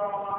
ọmọ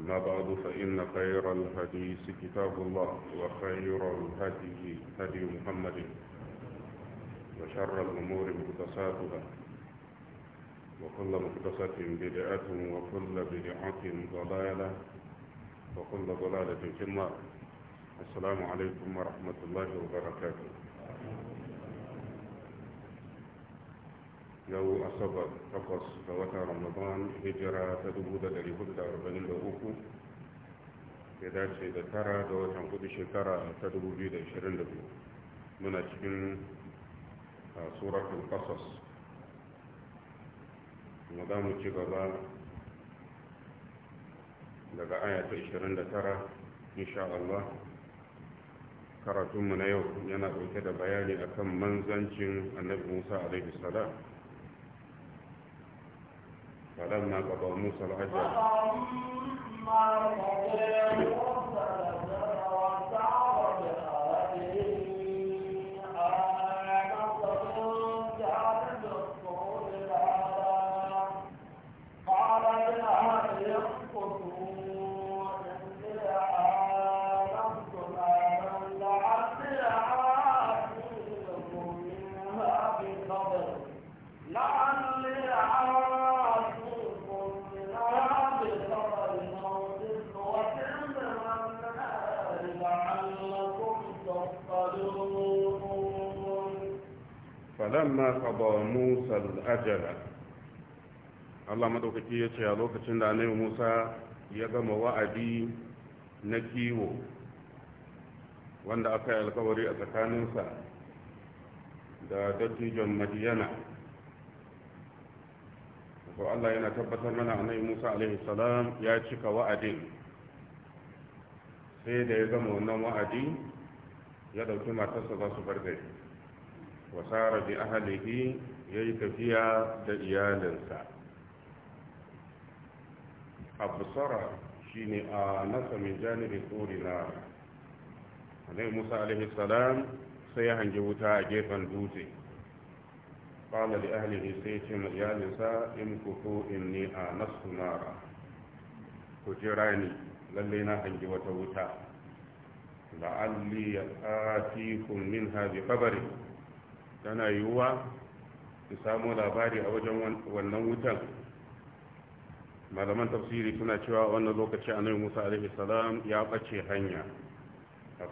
أما بعد فإن خير الحديث كتاب الله وخير الهدي هدي محمد وشر الأمور مقتصاتها وكل مقتصة بدعة وكل بدعة ضلالة وكل ضلالة في النار السلام عليكم ورحمة الله وبركاته yau asabar takwas ga watan ramadan hijira ta 1443 ya dace da tara ga watan شكرة shekara ta 2022 muna cikin أجل سورة القصص za mu ci gaba daga aya ta 29 insha Allah karatunmu na yau yana ɗauke da bayani akan manzancin annabi musa alaihi salam فلما قضى موسى العجل فلما قضى موسى falamma qada musa al Allah maɗaukaki ya ce a lokacin da annabi Musa ya gama wa'adi na kiwo wanda aka yi alkawari a tsakaninsa da dattijon madiyana to Allah yana tabbatar mana annabi Musa alaihi salam ya cika wa'adin sai da ya gama wannan wa'adi ya ɗauki matarsa za su bar gari wasara bi ahalihi ya yi tafiya da iyalinsa abusara shi ne a nasa min janibin tsorina alai musa alaihi salam sai ya hangi wuta a gefen dutse ƙwala da ahalihi sai ce ma iyalinsa in kufu in ni a nasu nara ku jira ni lallai na hangi wata wuta la'alli ya ƙafi kun min hajji kabari tana yiwuwa su samu labari a wajen wannan wutan malaman tafsiri suna cewa a wannan lokaci annabi musa alaihi salam ya ɓace hanya a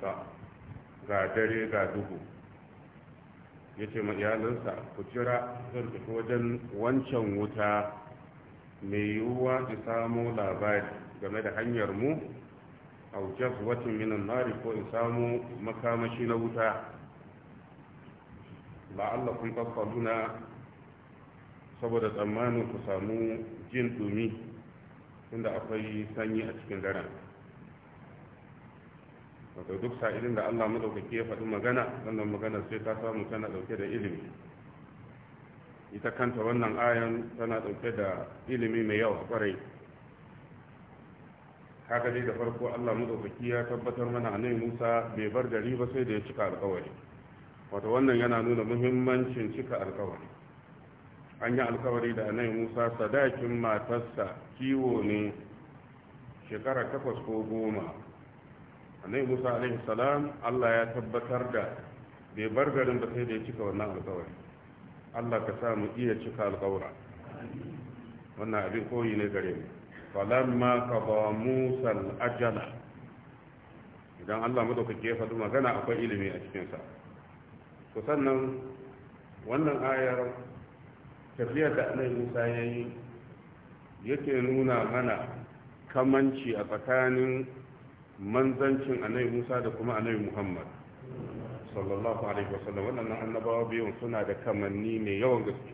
ka ga dare ga duhu ya ce iyalansa ku jira zan tafi wajen wancan wuta mai yiwuwa in samo labari game da hanyar mu a wujar watan minan nari ko in samo makamashi na wuta la'allakum tafsaluna saboda tsammanin ku samu jin dumi inda akwai sanyi a cikin gara. wato duk sa'idin da Allah madaukake ya faɗi magana wannan magana sai ta samu tana ɗauke da ilimi ita kanta wannan ayan tana ɗauke da ilimi mai yawa kwarai haka dai da farko Allah madaukaki ya tabbatar mana nan Musa bai bar gari ba sai da ya cika alƙawari wata wannan yana nuna muhimmancin cika alkawari an yi alkawari da anai musa sadakin matarsa kiwo ne shekara takwas ko goma anai musa alaihi salam allah ya tabbatar da bai bar garin ba sai da ya cika wannan alkawari allah ka sa mu iya cika alkawura wannan abin koyi ne gare mu falamma ba musa ajala idan allah madaukake ya faɗi magana akwai ilimi a cikinsa. to sannan wannan ayar tafiyar da annabi musa ya yi yake nuna mana kamanci a tsakanin manzancin annabi musa da kuma annabi muhammad sallallahu alaihi wasallam Wannan annabawa biyun suna da kamanni mai yawan gaske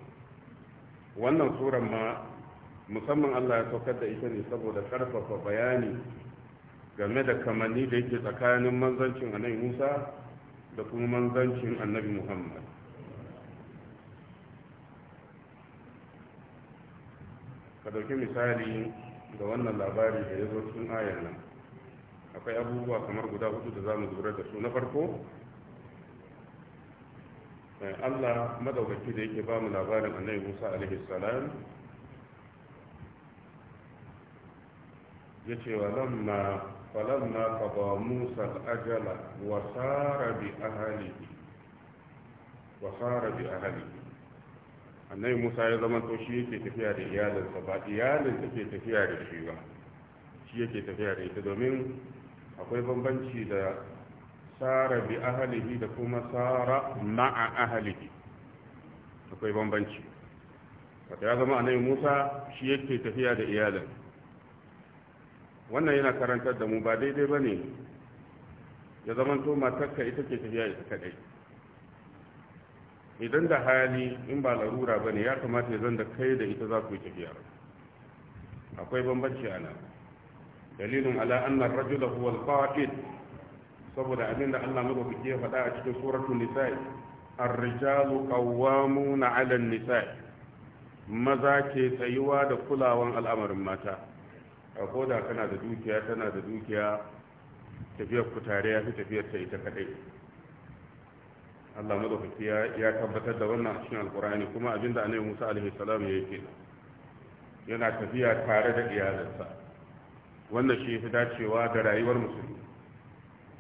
wannan suran ma musamman allah ya saukar da ita ne saboda ƙarfafa bayani game da kamanni da yake tsakanin manzancin annabi musa da kuma manzancin annabi muhammad ka dauki misali ga wannan labari da ya zo cikin ayar nan akwai abubuwa kamar guda hudu da za mu lura da su na farko eh, allah madaukaki da yake ba mu labarin annabi musa alaihi salam ya ce wa lamma فلما قضى موسى الأجل وسار بأهله وسار بأهله annabi musa ya zama to shi yake tafiya da iyalinsa ba iyalin take tafiya da shi ba shi yake tafiya da ita domin akwai bambanci da sara bi ahalihi da kuma sara ma'a ahalihi akwai bambanci wata ya zama annabi musa shi yake tafiya da iyalin wannan yana karantar da mu ba daidai ba ne ya zama zamanto matarka ita ke tafiya ita kadai idan da hali in ba larura ba ne ya kamata ya zan da kai da ita za ku yi tafiya akwai bambanci a nan dalilin ala annar rajula huwa al saboda abin da Allah madaukaki ya faɗa a cikin suratul nisa'i ar-rijalu qawwamuna 'ala an-nisa'i maza ke tsayuwa da kulawan al'amarin mata a koda kana da dukiya tana da dukiya tafiyar ku tare ya fi tafiyar ta ita kadai Allah madaukaki ya tabbatar da wannan a cikin alkurani kuma abinda annabi Musa alaihi salam ya yake yana tafiya tare da iyalansa wannan shi fi dacewa da rayuwar musulmi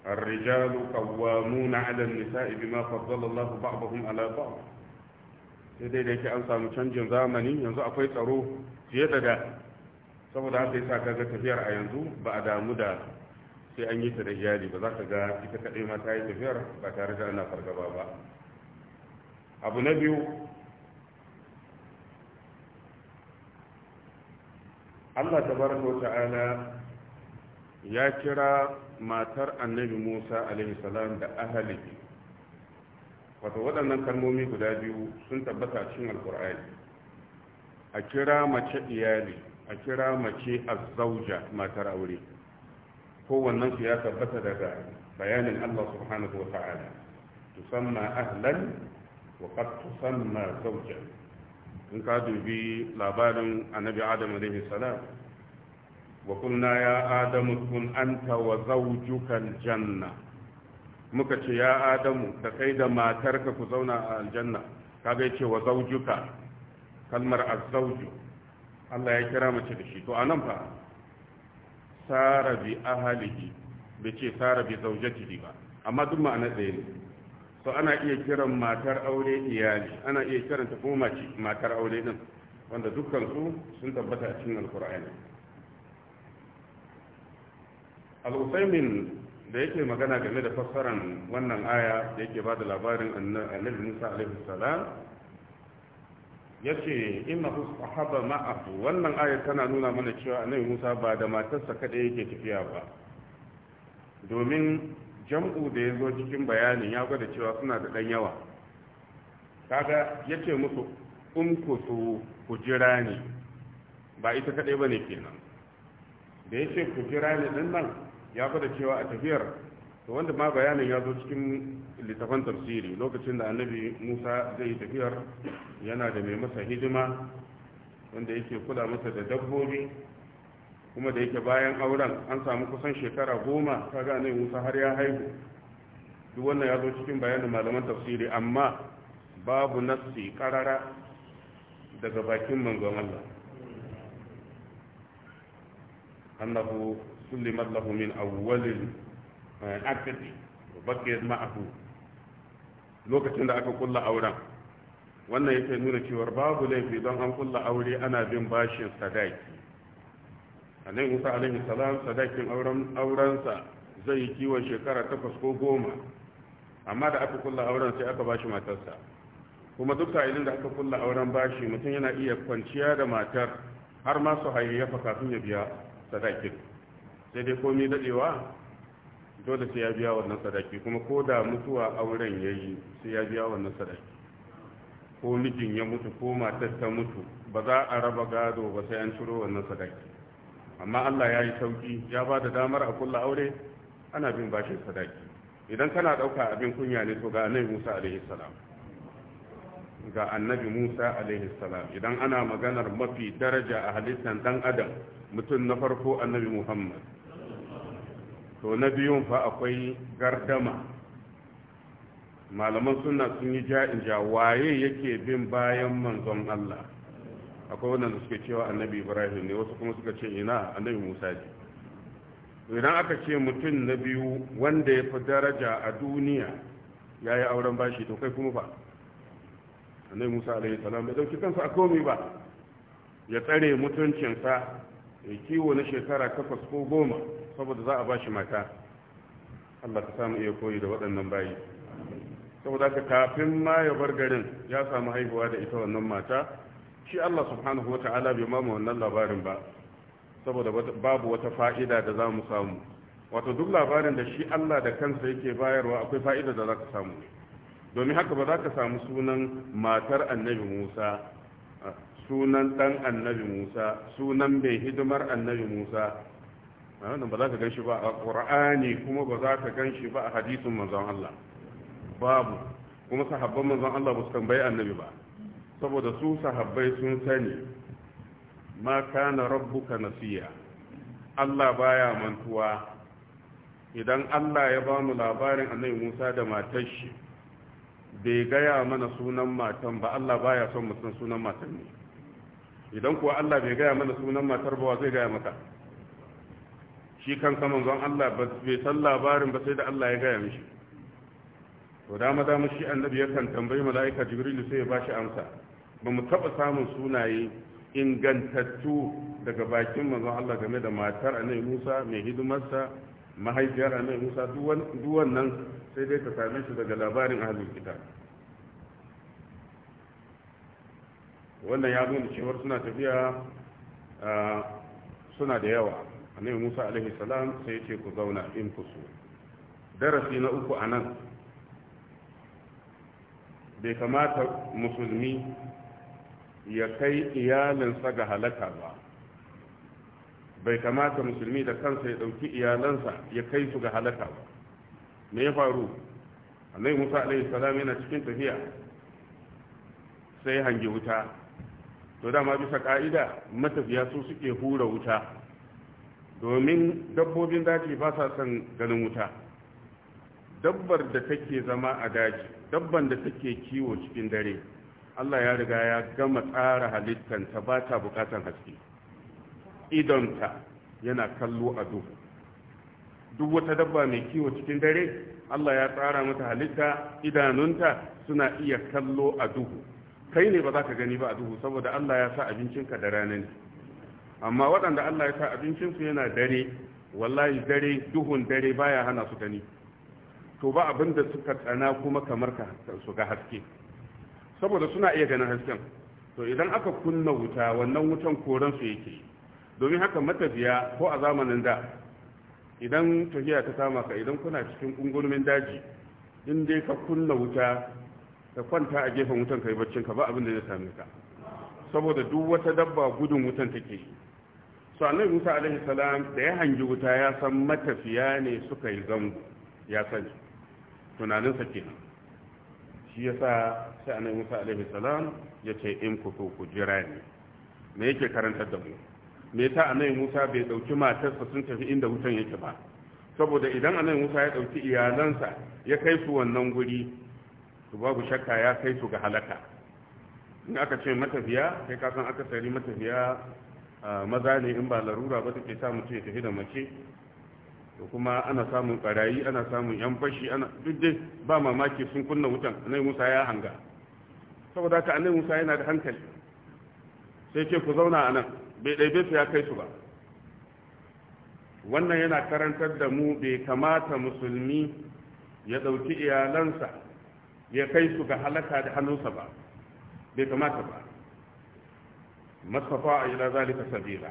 الرجال قوامون على النساء بما فضل الله بعضهم على بعض sai dai da yake an samu canjin zamani yanzu akwai tsaro fiye da da saboda haka yasa ga tafiyar a yanzu ba a damu da sai an yi ta da iyali ba za ka ga ita kaɗai ma ta yi tafiyar ba tare da ana fargaba ba abu na biyu Allah ta bar ta'ala ya kira matar annabi Musa alaihi salam da ahali wato waɗannan kalmomi guda biyu sun tabbata cikin alkur'ani a kira mace iyali a kira mace a Zauja, matar aure kowannen su ya tabbata daga bayanin Allah subhanahu wa ta'ala tusamma ahlan wa qad tusamma zawja in ka dubi labarin annabi adam alaihi salam wa qulna ya adam kun anta wa zawjuka janna. muka ce ya adamu da kai da matarka ku zauna a aljanna kaga yace wa zawjuka kalmar azzawju Allah ya kira mace da shi to anan fa sara bi ahalihi bai ce sara bi ba amma duk ma'ana ɗaya ne to ana iya kiran matar aure iyali ana iya kiran ta kuma mace matar aure din wanda dukkan su sun tabbata a cikin alkur'ani al usaymin da yake magana game da fassaran wannan aya da yake bada labarin annabi musa alaihi salam ya ce inna sahaba ma'ahu wannan ayar tana nuna mana cewa annabi musa ba da matarsa kada yake tafiya ba domin jam'u da ya zo cikin bayanin ya gwada cewa suna da ɗan yawa kaga ya ce musu umkutu ku jira ni ba ita kaɗai ba ne kenan da ya ce ku jira ni ɗin nan ya gwada cewa a tafiyar to wanda ma bayanin ya zo cikin littafan tafsiri lokacin da annabi musa zai yi tafiyar yana da mai masa hidima wanda yake kula masa da dabbobi kuma da yake bayan auren an samu kusan shekara goma ta gane musa har ya haihu duk wannan ya zo cikin bayanin malaman tafsiri amma babu nassi karara daga bakin manzon Allah annahu sulimat lahu min awwalin akadi bakke ma'ahu lokacin da aka kulla auren wannan yake nuna cewa babu laifi don an kulla aure ana bin bashin sadaki annabi Musa alaihi salam sadakin auren aurensa zai yi kiwon shekara takwas ko goma amma da aka kulla auren sai aka bashi matarsa kuma duk sa'ilin da aka kulla auren bashi mutum yana iya kwanciya da matar har ma su hayayyafa kafin ya biya sadakin sai dai komai dadewa dole sai ya biya wannan sadaki kuma ko da mutuwa auren ya yi sai ya biya wannan sadaki ko mijin ya mutu ko matar ta mutu ba za a raba gado ba sai an ciro wannan sadaki amma Allah ya yi sauki ya ba da damar a kulla aure ana bin bashin sadaki idan kana ɗauka abin kunya ne to ga annabi Musa alaihi salam ga annabi Musa alaihi salam idan ana maganar mafi daraja a halittar dan adam mutum na farko annabi Muhammad to na biyun fa akwai gardama malaman suna sun yi ja'in ja waye yake bin bayan manzon Allah akwai wanda suka cewa annabi ibrahim ne wasu kuma suka ce ina annabi musa ne idan aka ce mutum na biyu wanda ya fi daraja a duniya ya yi auren bashi to kai kuma ba annabi musa alaihi salam bai dauki kansa a komai ba ya tsare mutuncinsa ya kiwo na shekara takwas ko goma saboda za a ba shi mata Allah ka samu iya koyi da waɗannan bayi saboda ka kafin ma ya bar garin ya samu haihuwa da ita wannan mata shi Allah subhanahu wa ta'ala bai mamu wannan labarin ba saboda babu wata fa'ida da za mu samu wato duk labarin da shi Allah da kansa yake bayarwa akwai fa'ida da za ka samu domin haka ba za ka samu sunan matar annabi musa sunan ɗan annabi musa sunan bai hidimar annabi musa wannan ba za ka ganshi ba a qur'ani kuma ba za ka ganshi ba a hadisin manzon Allah babu kuma sahabban manzon Allah ba su tambayi annabi ba saboda su sahabbai sun sani ma kana rabbuka nasiya Allah baya mantuwa idan Allah ya ba mu labarin annabi Musa da matar shi bai gaya mana sunan matan ba Allah baya son mu san sunan matan ne idan kuwa Allah bai gaya mana sunan matar ba zai gaya maka shi kan kaman manzon Allah bai san labarin ba sai da Allah ya gaya mishi to dama dama shi annabi yakan tambayi mala'ika jibril sai ya bashi amsa ba mu taɓa samun sunaye ingantattu daga bakin manzon Allah game da matar annabi Musa mai hidimarsa mahaifiyar annabi Musa duk wannan sai dai ka same su daga labarin ahlul kitab wannan ya nuna cewar suna tafiya ah, suna da yawa annabi musa alaihi salam sai ce ku zauna in kusu darasi na uku a nan bai kamata musulmi ya kai iyalinsa ga halaka ba bai kamata musulmi da kansa ya ɗauki iyalansa ya kai su ga halaka ba me ya faru annabi musa alaihi salam yana cikin tafiya sai hangi wuta to dama bisa ka'ida matafiya su suke hura wuta domin dabbobin daji ba sa son ganin wuta dabbar da take zama a daji dabban da take kiwo cikin dare Allah ya riga ya gama tsara halittanta ba ta bukatan haske idonta yana kallo a duhu duk wata dabba mai kiwo cikin dare Allah ya tsara mata halitta idanunta suna iya kallo a duhu kai ne ba za ka gani ba a duhu saboda Allah ya sa abincinka da rana ne amma waɗanda Allah ya sa abincinsu yana dare wallahi dare duhun dare baya hana su gani to ba abin da suka tsana kuma kamar ka su ga haske saboda suna iya ganin hasken to idan aka kunna wuta wannan wutan koran su yake domin haka matafiya ko a zamanin da idan tafiya ta kama ka idan kuna cikin ungulumin daji in dai ka kunna wuta ka kwanta a gefen wutan kai baccin ka ba abin da ya same ka saboda duk wata dabba gudun wutan take yi so annabi musa alaihi salam da ya hangi wuta ya san matafiya ne suka yi zango ya sani tunaninsa kenan shi ya sa sai annabi musa alaihi salam ya ce in ku so ku jira ne me yake karantar da mu me yasa annabi musa bai ɗauki matarsa sun tafi inda wutan yake ba saboda idan annabi musa ya ɗauki iyalansa ya kai su wannan guri to babu shakka ya kai su ga halaka in aka ce matafiya kai ka san aka sari matafiya maza ne in ba larura ba take sa ce ya tafi da mace to kuma ana samun barayi ana samun yan fashi ana duk dai ba mamaki sun kunna wutan annabi Musa ya hanga saboda haka annabi Musa yana da hankali sai ce ku zauna anan bai ɗaibe su ya kai su ba wannan yana karantar da mu bai kamata musulmi ya ɗauki iyalansa ya kai su ga halaka da hannunsa ba bai kamata ba masafa ila zalika sabila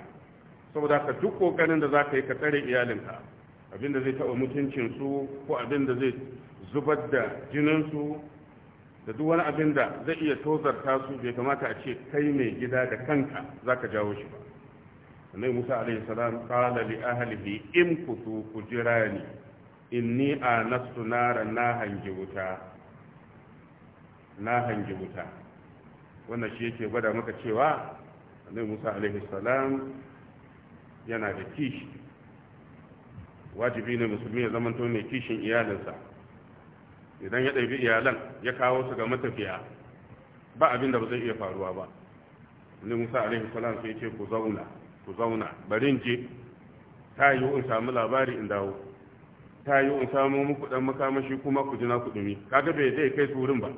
saboda ka duk kokarin da zaka yi ka tsare iyalinka abinda zai taɓa mutuncin su ko abinda zai zubar da jinin da duk wani abin da zai iya tozarta su bai kamata a ce kai mai gida da kanka zaka jawo shi ba annabi Musa alaihi salam qala li ahlihi imkutu kujirani inni anastu Nara na hangi wuta na hangi wuta wannan shi yake gwada maka cewa annabi musa alaihi salam yana da kishi wajibi ne musulmi ya zamanto mai kishin iyalinsa idan ya ɗabi iyalan ya kawo su ga matafiya ba abin da ba zai iya faruwa ba annabi musa alaihi salam sai ce ku zauna ku zauna barin je ta yi in samu labari in dawo ta yi in samu muku dan makamashi kuma ku jina ku dumi kaga bai zai kai su wurin ba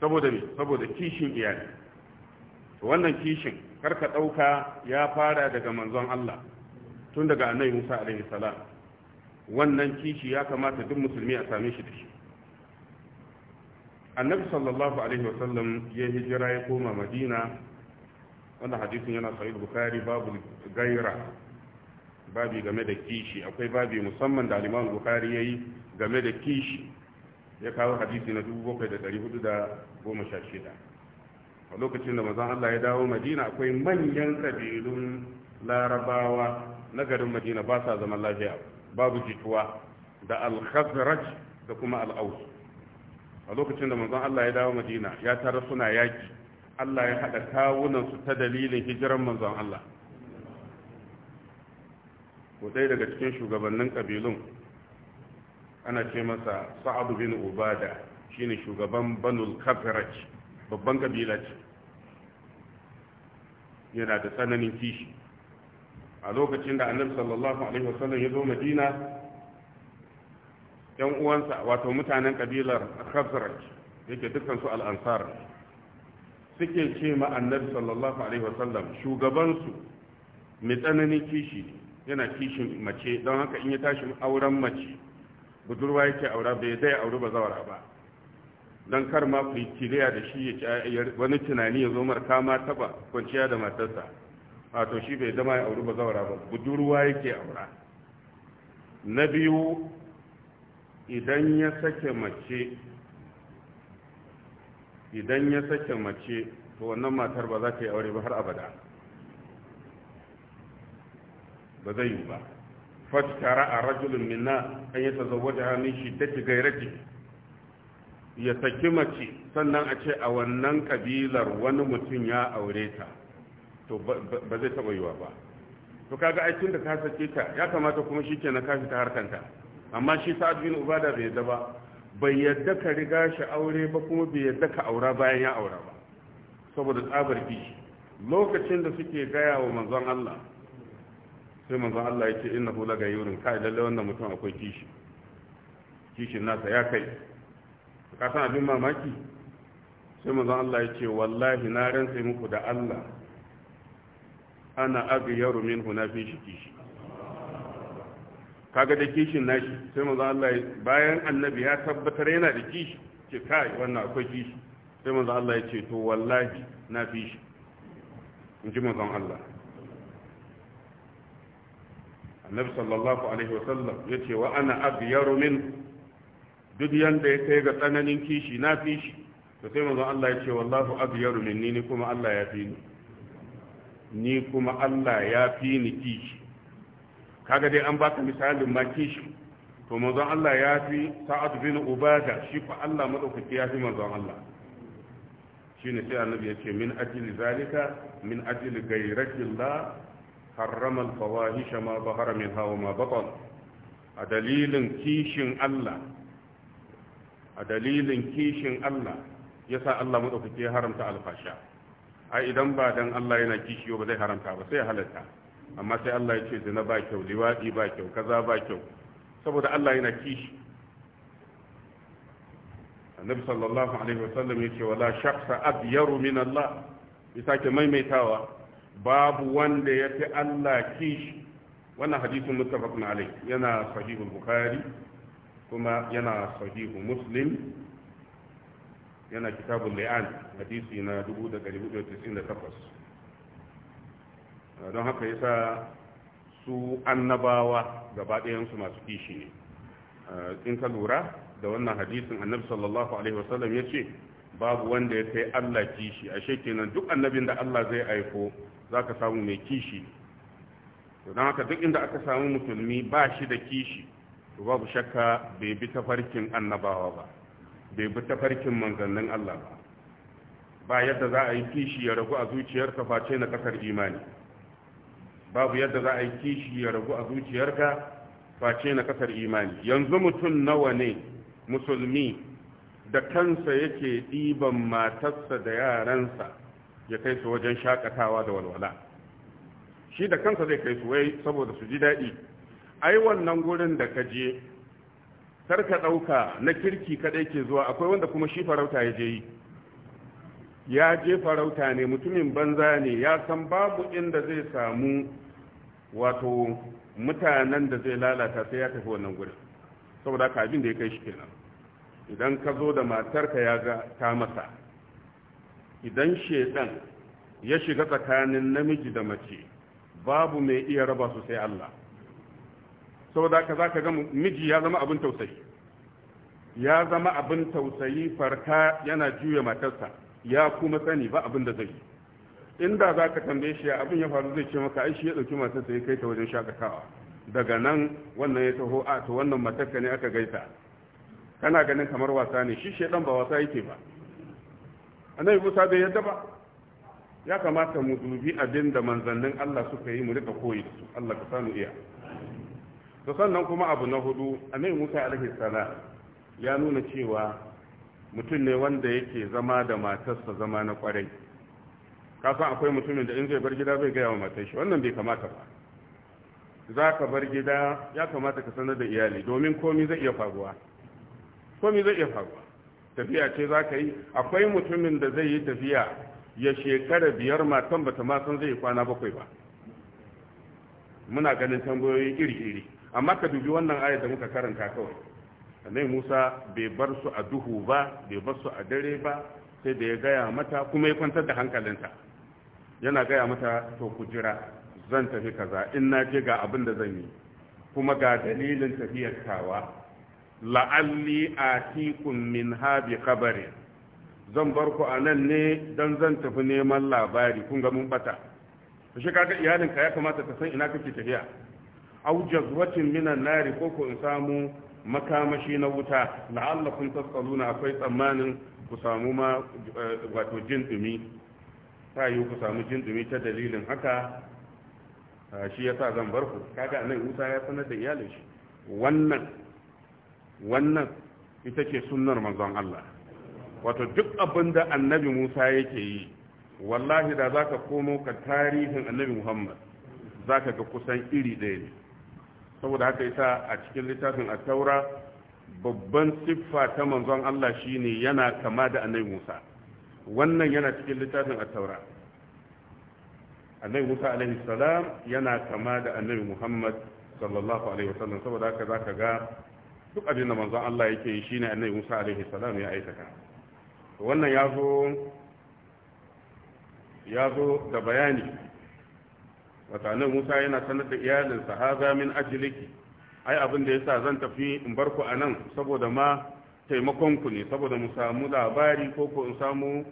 saboda me saboda kishin iyali wannan kishin karka ɗauka ya fara daga manzon Allah tun daga annabi Musa alaihi salam wannan kishi ya kamata duk musulmi a same shi da shi annabi sallallahu alaihi wasallam ya hijira ya koma madina wanda hadisin yana sahih bukhari babu gaira babi game da kishi akwai babi musamman da al-imam bukhari yayi game da kishi ya kawo hadisi na 7416 a lokacin da mazan Allah ya dawo madina akwai manyan kabilun larabawa na garin madina ba sa zaman lafiya babu jituwa da al da kuma al'aus a lokacin da mazan Allah ya dawo madina ya tara suna yaki Allah ya haɗa kawunan su ta dalilin hijiran manzon Allah ko dai daga cikin shugabannin kabilun ana ce masa sa'adu bin ubada shine shugaban banul khazraj babban kabila ce yana da tsananin kishi a lokacin da annabi sallallahu alaihi wasallam ya zo madina yan uwansa wato mutanen kabilar khazraj yake dukkan su al suke ce ma annabi sallallahu alaihi wasallam shugaban su mai tsananin kishi yana kishin mace don haka in ya tashi auren mace budurwa yake aura bai dai aure ba zawara ba don kar ma ku yi da shi wani tunani ya zo marka ma taba kwanciya da matarsa wato shi bai zama ya auri ba zaura ba budurwa yake aura na biyu idan ya sake mace idan ya sake mace to wannan matar ba za ta yi aure ba har abada ba zai yi ba fatara a rajulun minna an yi tazawwaja min shiddati gairati ya saki mace sannan a ce a wannan kabilar wani mutum ya aure ta to ba zai taɓa yiwa ba to kaga ai da ka sake ta ya kamata kuma shi ke na kashi ta harkanta amma shi sa'ad bin ubada bai yadda ba bai yadda ka riga shi aure ba kuma bai yadda ka aura bayan ya aura ba saboda tsabar kishi lokacin da suke gaya wa manzon Allah sai manzon Allah ya ce innahu la gayyurun kai lalle wannan mutum akwai kishi kishin nasa ya kai ka san abin mamaki sai manzon Allah ya ce wallahi na rantsa muku da Allah ana aghyaru minhu na fi shi kishi kaga da kishin nashi sai manzon Allah bayan annabi ya tabbatar yana da kishi ce kai wannan akwai kishi sai manzon Allah ya ce to wallahi na fi shi in ji manzon Allah annabi sallallahu alaihi wasallam ya ce wa ana aghyaru minhu duk yanda ya kai ga tsananin kishi na fi shi to sai manzon Allah ya ce wallahu abyaru minni ni kuma Allah ya fi ni ni kuma Allah ya fi ni kishi kaga dai an baka misalin ma kishi to manzon Allah ya fi sa'ad bin ubada shi fa Allah madaukaki ya fi manzon Allah shine sai annabi ya ce min ajli zalika min ajli ghayratillah harrama al-fawahisha ma bahara minha wa ma batan a dalilin kishin Allah a dalilin kishin Allah yasa Allah madaukake ya haramta alfasha ai idan ba dan Allah yana kishiyo ba zai haramta ba sai halatta amma sai Allah ya ce zina ba kyau liwadi ba kyau kaza ba kyau saboda Allah yana kishi annabi sallallahu alaihi wasallam yace wala shakhsa abyaru min Allah yake maimaitawa babu wanda yafi Allah kishi wannan hadisin muttafaqun alaihi yana sahihul bukhari kuma yana sahihu muslim yana kitabun li'an hadisi na 1498 ah, don haka yasa su annabawa gaba ɗayansu masu kishi ne ah, in ka lura da wannan hadisin annabi sallallahu alaihi wasallam ya ce babu wanda ya kai Allah kishi ashe kenan duk annabin da Allah zai aiko za ka samu mai kishi don haka duk inda aka samu musulmi ba shi da kishi to babu shakka bai bi tafarkin annabawa ba bai bi tafarkin manzannin Allah ba ba yadda za a yi kishi ya ragu a zuciyarka face na kasar imani babu yadda za a yi kishi ya ragu a zuciyarka face na kasar imani yanzu mutum nawa ne musulmi da kansa yake ɗiban matarsa da yaransa ya kai su wajen shakatawa da walwala shi da kansa zai kai su wai saboda su ji daɗi ai wannan gurin da ka je kar ka ɗauka na kirki kaɗai ke zuwa akwai wanda kuma shi farauta ya je yi ya je farauta ne mutumin banza ne ya san babu inda zai samu wato mutanen da zai lalata sai ya tafi wannan gurin saboda ka abin da ya kai shi kenan idan ka zo da matarka ya ga ta masa idan shedan ya shiga tsakanin namiji da mace babu mai iya raba su sai Allah saboda ka zaka ga miji ya zama abin tausayi ya zama abin tausayi farka yana juya matarsa ya kuma sani ba abin da zai inda za ka tambaye shi abin ya faru zai ce maka ai shi ya ɗauki matarsa ya kai ta wajen shakatawa daga nan wannan ya taho a to wannan matarka ne aka gaita kana ganin kamar wasa ne shi shedan ba wasa yake ba annabi Musa bai yadda ba ya kamata mu dubi abin da manzannin Allah suka yi mu rika koyi da su Allah ka sanu iya to sannan kuma abu na hudu annabi Musa alaihi salam ya nuna cewa mutum ne wanda yake zama da matarsa zama na kwarai kasan akwai mutumin da in zai bar gida bai gaya wa matar shi wannan bai kamata ba za ka bar gida ya kamata ka sanar da iyali domin komi zai iya faruwa komi zai iya faruwa tafiya ce za ka yi akwai mutumin da zai yi tafiya ya shekara biyar matan bata ma san zai kwana bakwai ba muna ganin tambayoyi iri-iri amma ka dubi wannan ayar da muka karanta kawai annai musa bai bar su a duhu ba bai bar su a dare ba sai da ya gaya mata kuma ya kwantar da hankalinta yana gaya mata to ku jira zan tafi kaza in na je ga abin da zan yi kuma ga dalilin tafiyar tawa la'alli atikum min habi khabarin zan bar ku a nan ne don zan tafi neman labari kun ga mun bata shi kaga iyalinka ya kamata ta san ina kake tafiya aw jazwatin minan nari ko ko in samu makamashi na wuta kun tasaluna akwai tsammanin ku samu ma eh, wato jin dumi yi ku samu jin dumi ta dalilin haka ah, shi yasa zan bar ku kaga nan Musa ya sanar da iyalin shi wannan wannan ita ce sunnar manzon Allah wato duk abin da annabi Musa yake yi wallahi da zaka komo ka tarihin annabi Muhammad zaka ga kusan iri ɗaya ne saboda haka yasa a cikin littafin at-taura babban siffa ta manzon Allah shine yana kama da annabi Musa wannan yana cikin littafin at-taura annabi Musa alaihi salam yana kama da annabi Muhammad sallallahu alaihi wasallam saboda haka zaka ga duk abin da manzon Allah yake yi shine annabi Musa alaihi salam ya aikata wannan ya zo ya zo da bayani wata nan musa yana sanar da iyalinsa haza min ajiliki ai abin da yasa zan tafi in bar ku anan saboda ma taimakon ku ne saboda mu samu labari ko ko in samu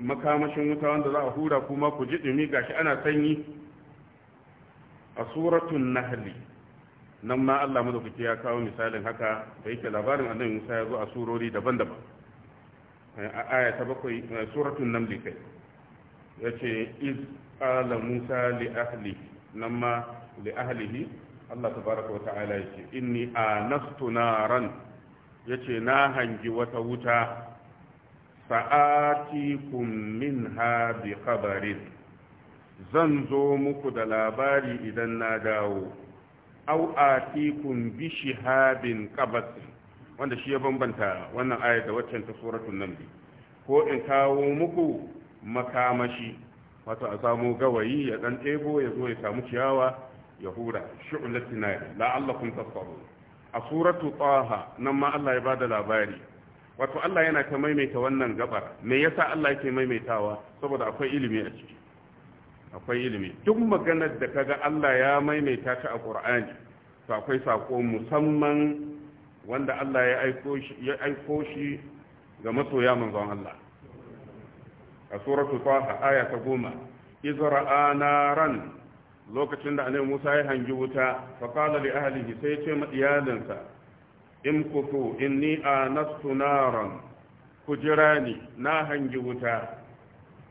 makamashin wuta wanda za a hura kuma ku ji dumi gashi ana sanyi a suratun nahli nan ma Allah madaukaki ya kawo misalin haka da yake labarin annabi Musa ya zo a surori daban-daban a aya ta bakwai suratun namli kai yace iz qala musa li ahli nan ma li ahlihi Allah tabaraka wa ta'ala yace inni anastu naran yace na hangi wata wuta Sa'atikun min bi khabarin zan zo muku da labari idan na dawo Au'atikun atikum bi shihabin wanda shi ya bambanta wannan aya da waccan ta suratul naml ko in kawo muku makamashi wato a samu gawayi ya dan ɗebo ya zo ya samu ciyawa ya hura la Allah kun tasabun a suratu taha nan ma Allah ya bada labari wato Allah yana ta maimaita wannan gabar me yasa Allah yake maimaitawa saboda akwai ilimi a ciki akwai ilimi duk maganar da kaga Allah ya maimaita ta a Qur'ani to akwai sako musamman wanda Allah ya aiko shi ya aiko shi ga masoya manzon Allah a suratul taha aya ta goma izra naran lokacin da annabi Musa ya hangi wuta fa qala li ahlihi sai ce ma iyalinsa in kutu inni anastu naran kujirani ni na hangi wuta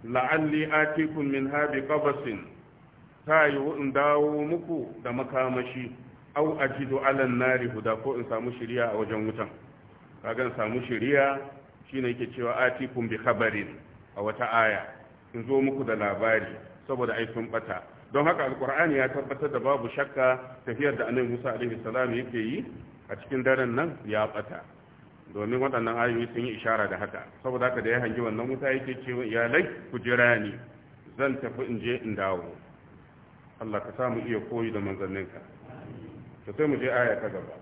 la'alli atikum min habi qabasin ta yi in dawo muku da makamashi au ajidu alan nari huda ko in samu shiriya a wajen wutan kaga in samu shiriya shine yake cewa atikum bi khabarin a wata aya in zo muku da labari saboda ai sun bata don haka alkur'ani ya tabbatar da babu shakka tafiyar da annabi Musa alaihi salam yake yi a cikin daren nan ya bata domin waɗannan ayoyi sun yi ishara da haka saboda haka da ya hangi wannan ya yake cewa iyalai ku jira ni zan tafi in je in dawo Allah ka samu iya koyi da manzanninka to sai mu je aya ta gaba